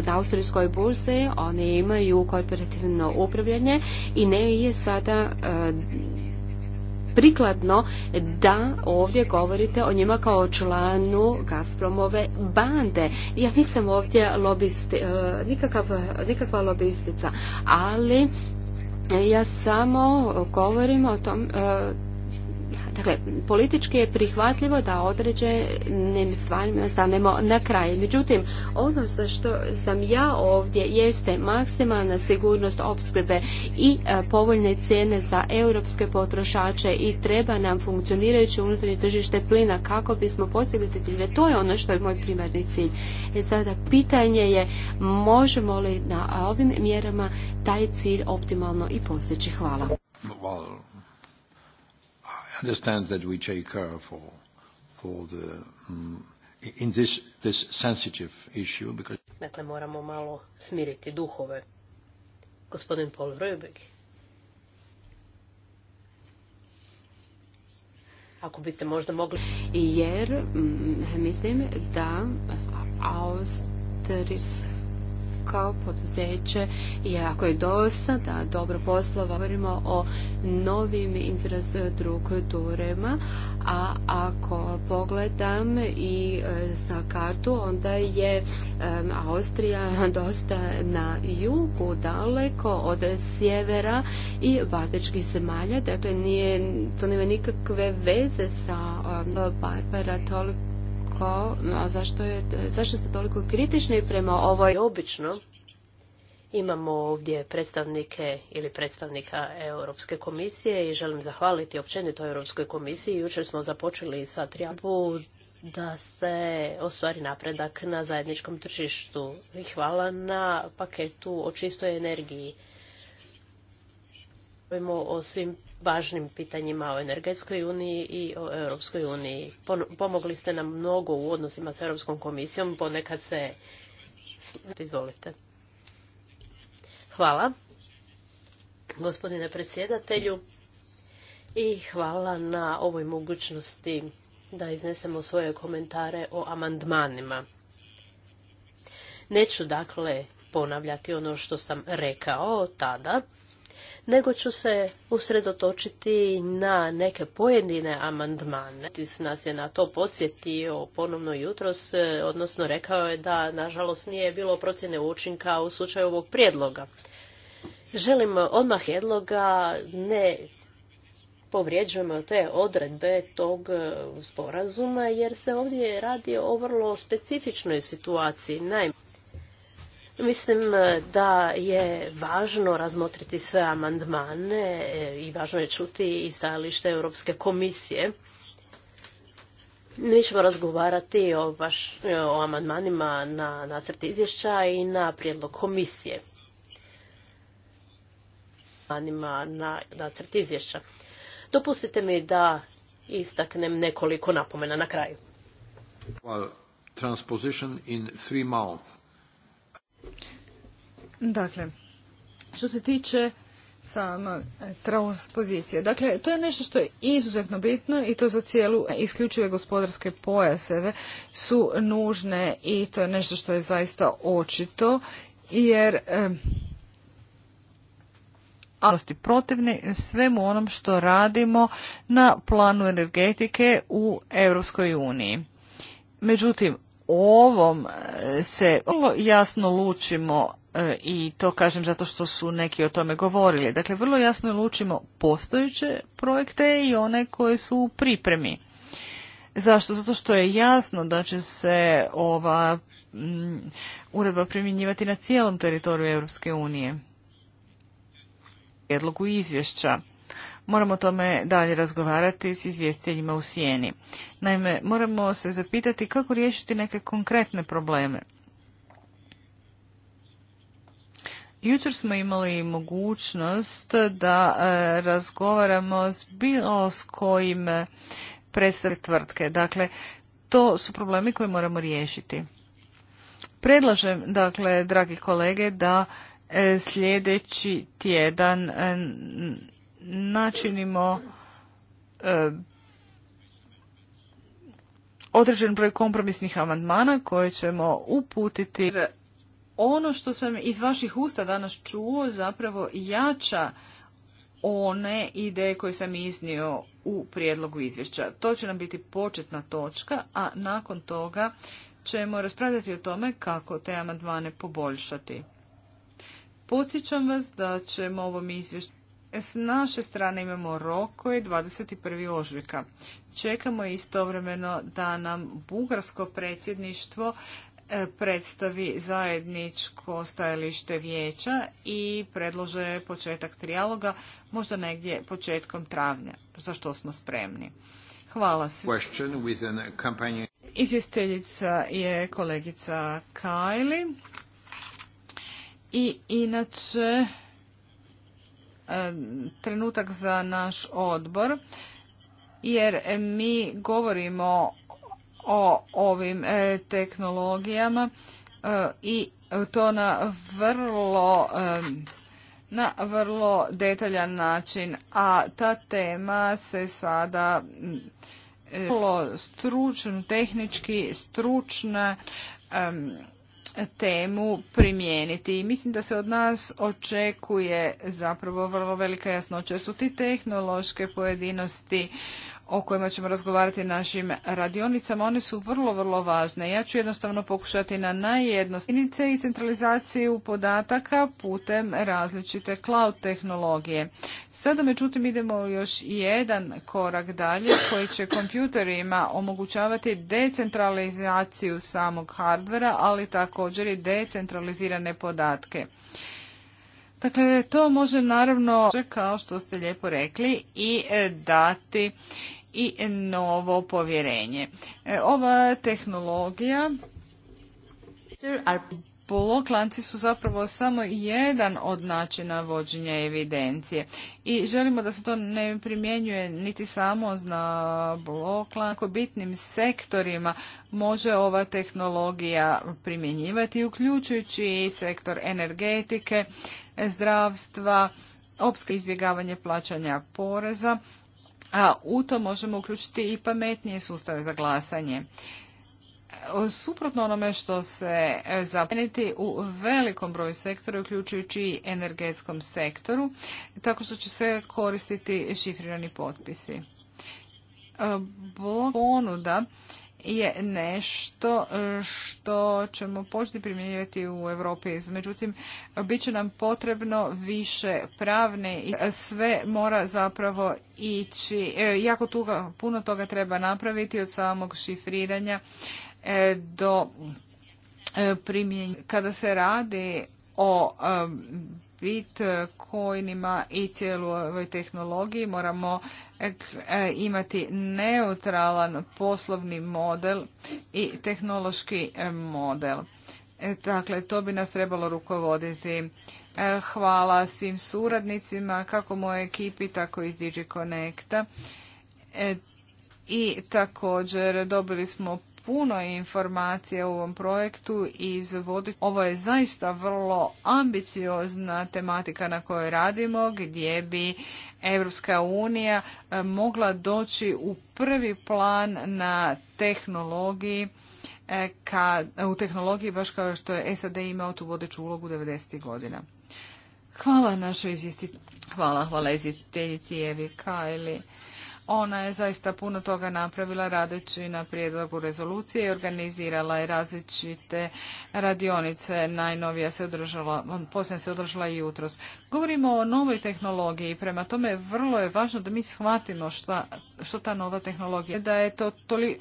austrijskoj burzi, oni imaju korporativno upravljanje i ne je sada e, prikladno da ovdje govorite o njima kao članu Gazpromove bande. Ja nisam ovdje lobist, e, nikakav, nikakva lobistica, ali ja samo govorim o tom e, Dakle, politički je prihvatljivo da određenim stvarima stanemo na kraj. Međutim, ono za što sam ja ovdje jeste maksimalna sigurnost opskrbe i e, povoljne cijene za europske potrošače i treba nam funkcionirajuće unutarnje tržište plina kako bismo postigli te To je ono što je moj primarni cilj. E sada, pitanje je možemo li na ovim mjerama taj cilj optimalno i postići. Hvala. Hvala understand that we take care for, for the, um, in this, this sensitive issue because... Dakle, moramo malo smiriti duhove. Gospodin Paul Röbeg. Ako biste možda mogli... Jer mm, mislim da Austrijska kao poduzeće i ako je do sada dobro poslova, govorimo o novim infrastrukturama, a ako pogledam i e, sa kartu, onda je e, Austrija dosta na jugu, daleko od sjevera i Baltičkih zemalja, dakle nije, to nema nikakve veze sa e, Barbara a zašto, je, zašto ste toliko kritični prema ovoj... Obično imamo ovdje predstavnike ili predstavnika Europske komisije i želim zahvaliti općenito Europskoj komisiji. Jučer smo započeli sa trijabu da se ostvari napredak na zajedničkom tržištu. I hvala na paketu o čistoj energiji. Govorimo o važnim pitanjima o energetskoj uniji i o Europskoj uniji. Pomogli ste nam mnogo u odnosima s Europskom komisijom, ponekad se... Izvolite. Hvala, gospodine predsjedatelju, i hvala na ovoj mogućnosti da iznesemo svoje komentare o amandmanima. Neću dakle ponavljati ono što sam rekao tada, nego ću se usredotočiti na neke pojedine amandmane. Tis nas je na to podsjetio ponovno jutros, e, odnosno rekao je da nažalost nije bilo procjene učinka u slučaju ovog prijedloga. Želim odmah jedloga ne povrijeđujemo te odredbe tog e, sporazuma jer se ovdje radi o vrlo specifičnoj situaciji. Naime, Mislim e, da je važno razmotriti sve amandmane e, i važno je čuti i stajalište Europske komisije. Mi ćemo razgovarati o, baš, e, o amandmanima na nacrt izvješća i na prijedlog komisije. na nacrt izvješća. Dopustite mi da istaknem nekoliko napomena na kraju. transposition in three months Dakle, što se tiče sama e, transpozicije. Dakle, to je nešto što je izuzetno bitno i to za cijelu e, isključive gospodarske pojaseve su nužne i to je nešto što je zaista očito jer e, alosti protivni svemu onom što radimo na planu energetike u Europskoj uniji. Međutim, ovom se jasno lučimo E, i to kažem zato što su neki o tome govorili. Dakle, vrlo jasno lučimo postojeće projekte i one koje su u pripremi. Zašto? Zato što je jasno da će se ova mm, uredba primjenjivati na cijelom teritoriju Europske unije. Prijedlogu izvješća. Moramo o tome dalje razgovarati s izvjestiteljima u sjeni. Naime, moramo se zapitati kako riješiti neke konkretne probleme. Jučer smo imali mogućnost da e, razgovaramo s bilo s kojim predstavnik tvrtke. Dakle, to su problemi koje moramo riješiti. Predlažem, dakle, dragi kolege, da e, sljedeći tjedan e, načinimo određen broj kompromisnih amandmana koje ćemo uputiti ono što sam iz vaših usta danas čuo zapravo jača one ideje koje sam iznio u prijedlogu izvješća. To će nam biti početna točka, a nakon toga ćemo raspravljati o tome kako te amandmane poboljšati. Podsjećam vas da ćemo ovom izvješću s naše strane imamo rok koji je 21. ožujka. Čekamo istovremeno da nam bugarsko predsjedništvo predstavi zajedničko stajalište vijeća i predlože početak trijaloga možda negdje početkom travnja, za što smo spremni. Hvala svima. Izvjesteljica je kolegica Kajli. I inače, e, trenutak za naš odbor, jer mi govorimo o ovim e, tehnologijama e, i to na vrlo e, na vrlo detaljan način, a ta tema se sada vrlo stručno, tehnički stručna temu primijeniti. I mislim da se od nas očekuje zapravo vrlo velika jasnoća. Su ti tehnološke pojedinosti o kojima ćemo razgovarati našim radionicama. One su vrlo, vrlo važne. Ja ću jednostavno pokušati na najjednostavnice i centralizaciju podataka putem različite cloud tehnologije. Sada međutim idemo još jedan korak dalje koji će kompjuterima omogućavati decentralizaciju samog hardvera, ali također i decentralizirane podatke. Dakle, to može naravno, kao što ste lijepo rekli, i dati i novo povjerenje. E, ova tehnologija Bloklanci su zapravo samo jedan od načina vođenja evidencije i želimo da se to ne primjenjuje niti samo na bloklan. bitnim sektorima može ova tehnologija primjenjivati, uključujući i sektor energetike, zdravstva, opske izbjegavanje plaćanja poreza, a u to možemo uključiti i pametnije sustave za glasanje. Suprotno onome što se e, zapeniti u velikom broju sektora, uključujući i energetskom sektoru, tako što će se koristiti šifrirani potpisi. E, ponuda je nešto e, što ćemo početi primjenjivati u Europi. Međutim, bit će nam potrebno više pravne i sve mora zapravo ići. E, jako tuga, puno toga treba napraviti od samog šifriranja e, do primjenja. Kada se radi o bitcoinima i cijelu ovoj tehnologiji moramo e, e, imati neutralan poslovni model i tehnološki e, model. Dakle, to bi nas trebalo rukovoditi. Hvala svim suradnicima, kako moje ekipi, tako i iz DigiConnecta. I također dobili smo puno informacija u ovom projektu iz Ovo je zaista vrlo ambiciozna tematika na kojoj radimo, gdje bi Evropska unija e, mogla doći u prvi plan na tehnologiji e, ka, u tehnologiji, baš kao što je SAD imao tu vodeću ulogu 90. godina. Hvala našoj izvjestiteljici. Hvala, hvala izvjestiteljici Evi Kajli. Ona je zaista puno toga napravila radeći na prijedlogu rezolucije i organizirala je različite radionice. Najnovija se održala, posljednja se održala i jutros. Govorimo o novoj tehnologiji, prema tome vrlo je važno da mi shvatimo što ta nova tehnologija da je to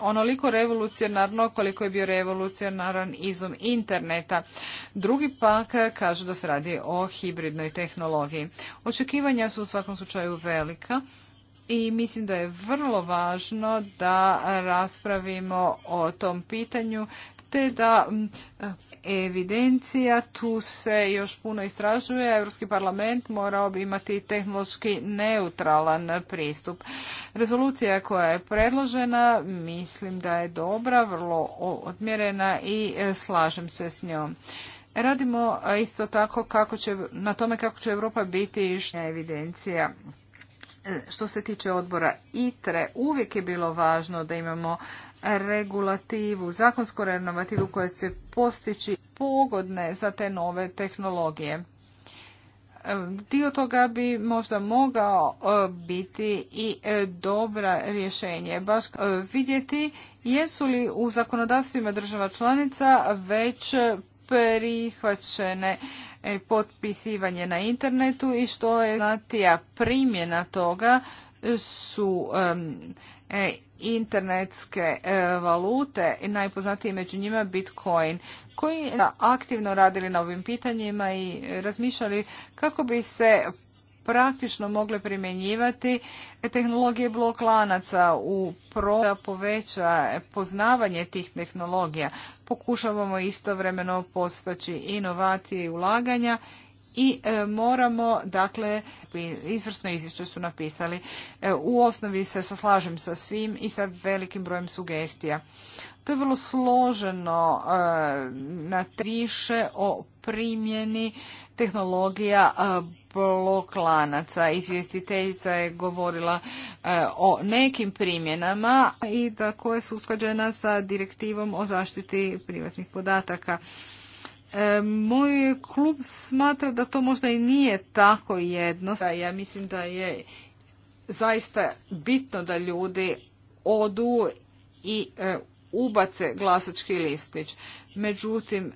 onoliko revolucionarno koliko je bio revolucionaran izum interneta. Drugi pak kažu da se radi o hibridnoj tehnologiji. Očekivanja su u svakom slučaju velika i mislim da je vrlo važno da raspravimo o tom pitanju te da evidencija tu se još puno istražuje. Europski parlament morao bi imati tehnološki neutralan pristup. Rezolucija koja je predložena mislim da je dobra, vrlo odmjerena i e, slažem se s njom. Radimo e, isto tako kako će, na tome kako će Europa biti evidencija što se tiče odbora ITRE, uvijek je bilo važno da imamo regulativu, zakonsku renovativu koja će postići pogodne za te nove tehnologije. Dio toga bi možda mogao e, biti i e, dobra rješenje. Baš e, vidjeti jesu li u zakonodavstvima država članica već prihvaćene e, potpisivanje na internetu i što je znatija primjena toga su e, internetske e, valute, najpoznatije među njima Bitcoin, koji aktivno radili na ovim pitanjima i razmišljali kako bi se praktično mogle primjenjivati tehnologije blok lanaca u pro poveća poznavanje tih tehnologija. Pokušavamo istovremeno postaći inovacije i ulaganja i e, moramo, dakle, izvrsno izvješće su napisali. E, u osnovi se slažem sa svim i sa velikim brojem sugestija. To je vrlo složeno e, na triše o primjeni tehnologija bloklanaca. lanaca. Izvjestiteljica je govorila e, o nekim primjenama i da koje su usklađena sa direktivom o zaštiti privatnih podataka. E, moj klub smatra da to možda i nije tako jedno. Ja mislim da je zaista bitno da ljudi odu i e, ubace glasački listić. Međutim,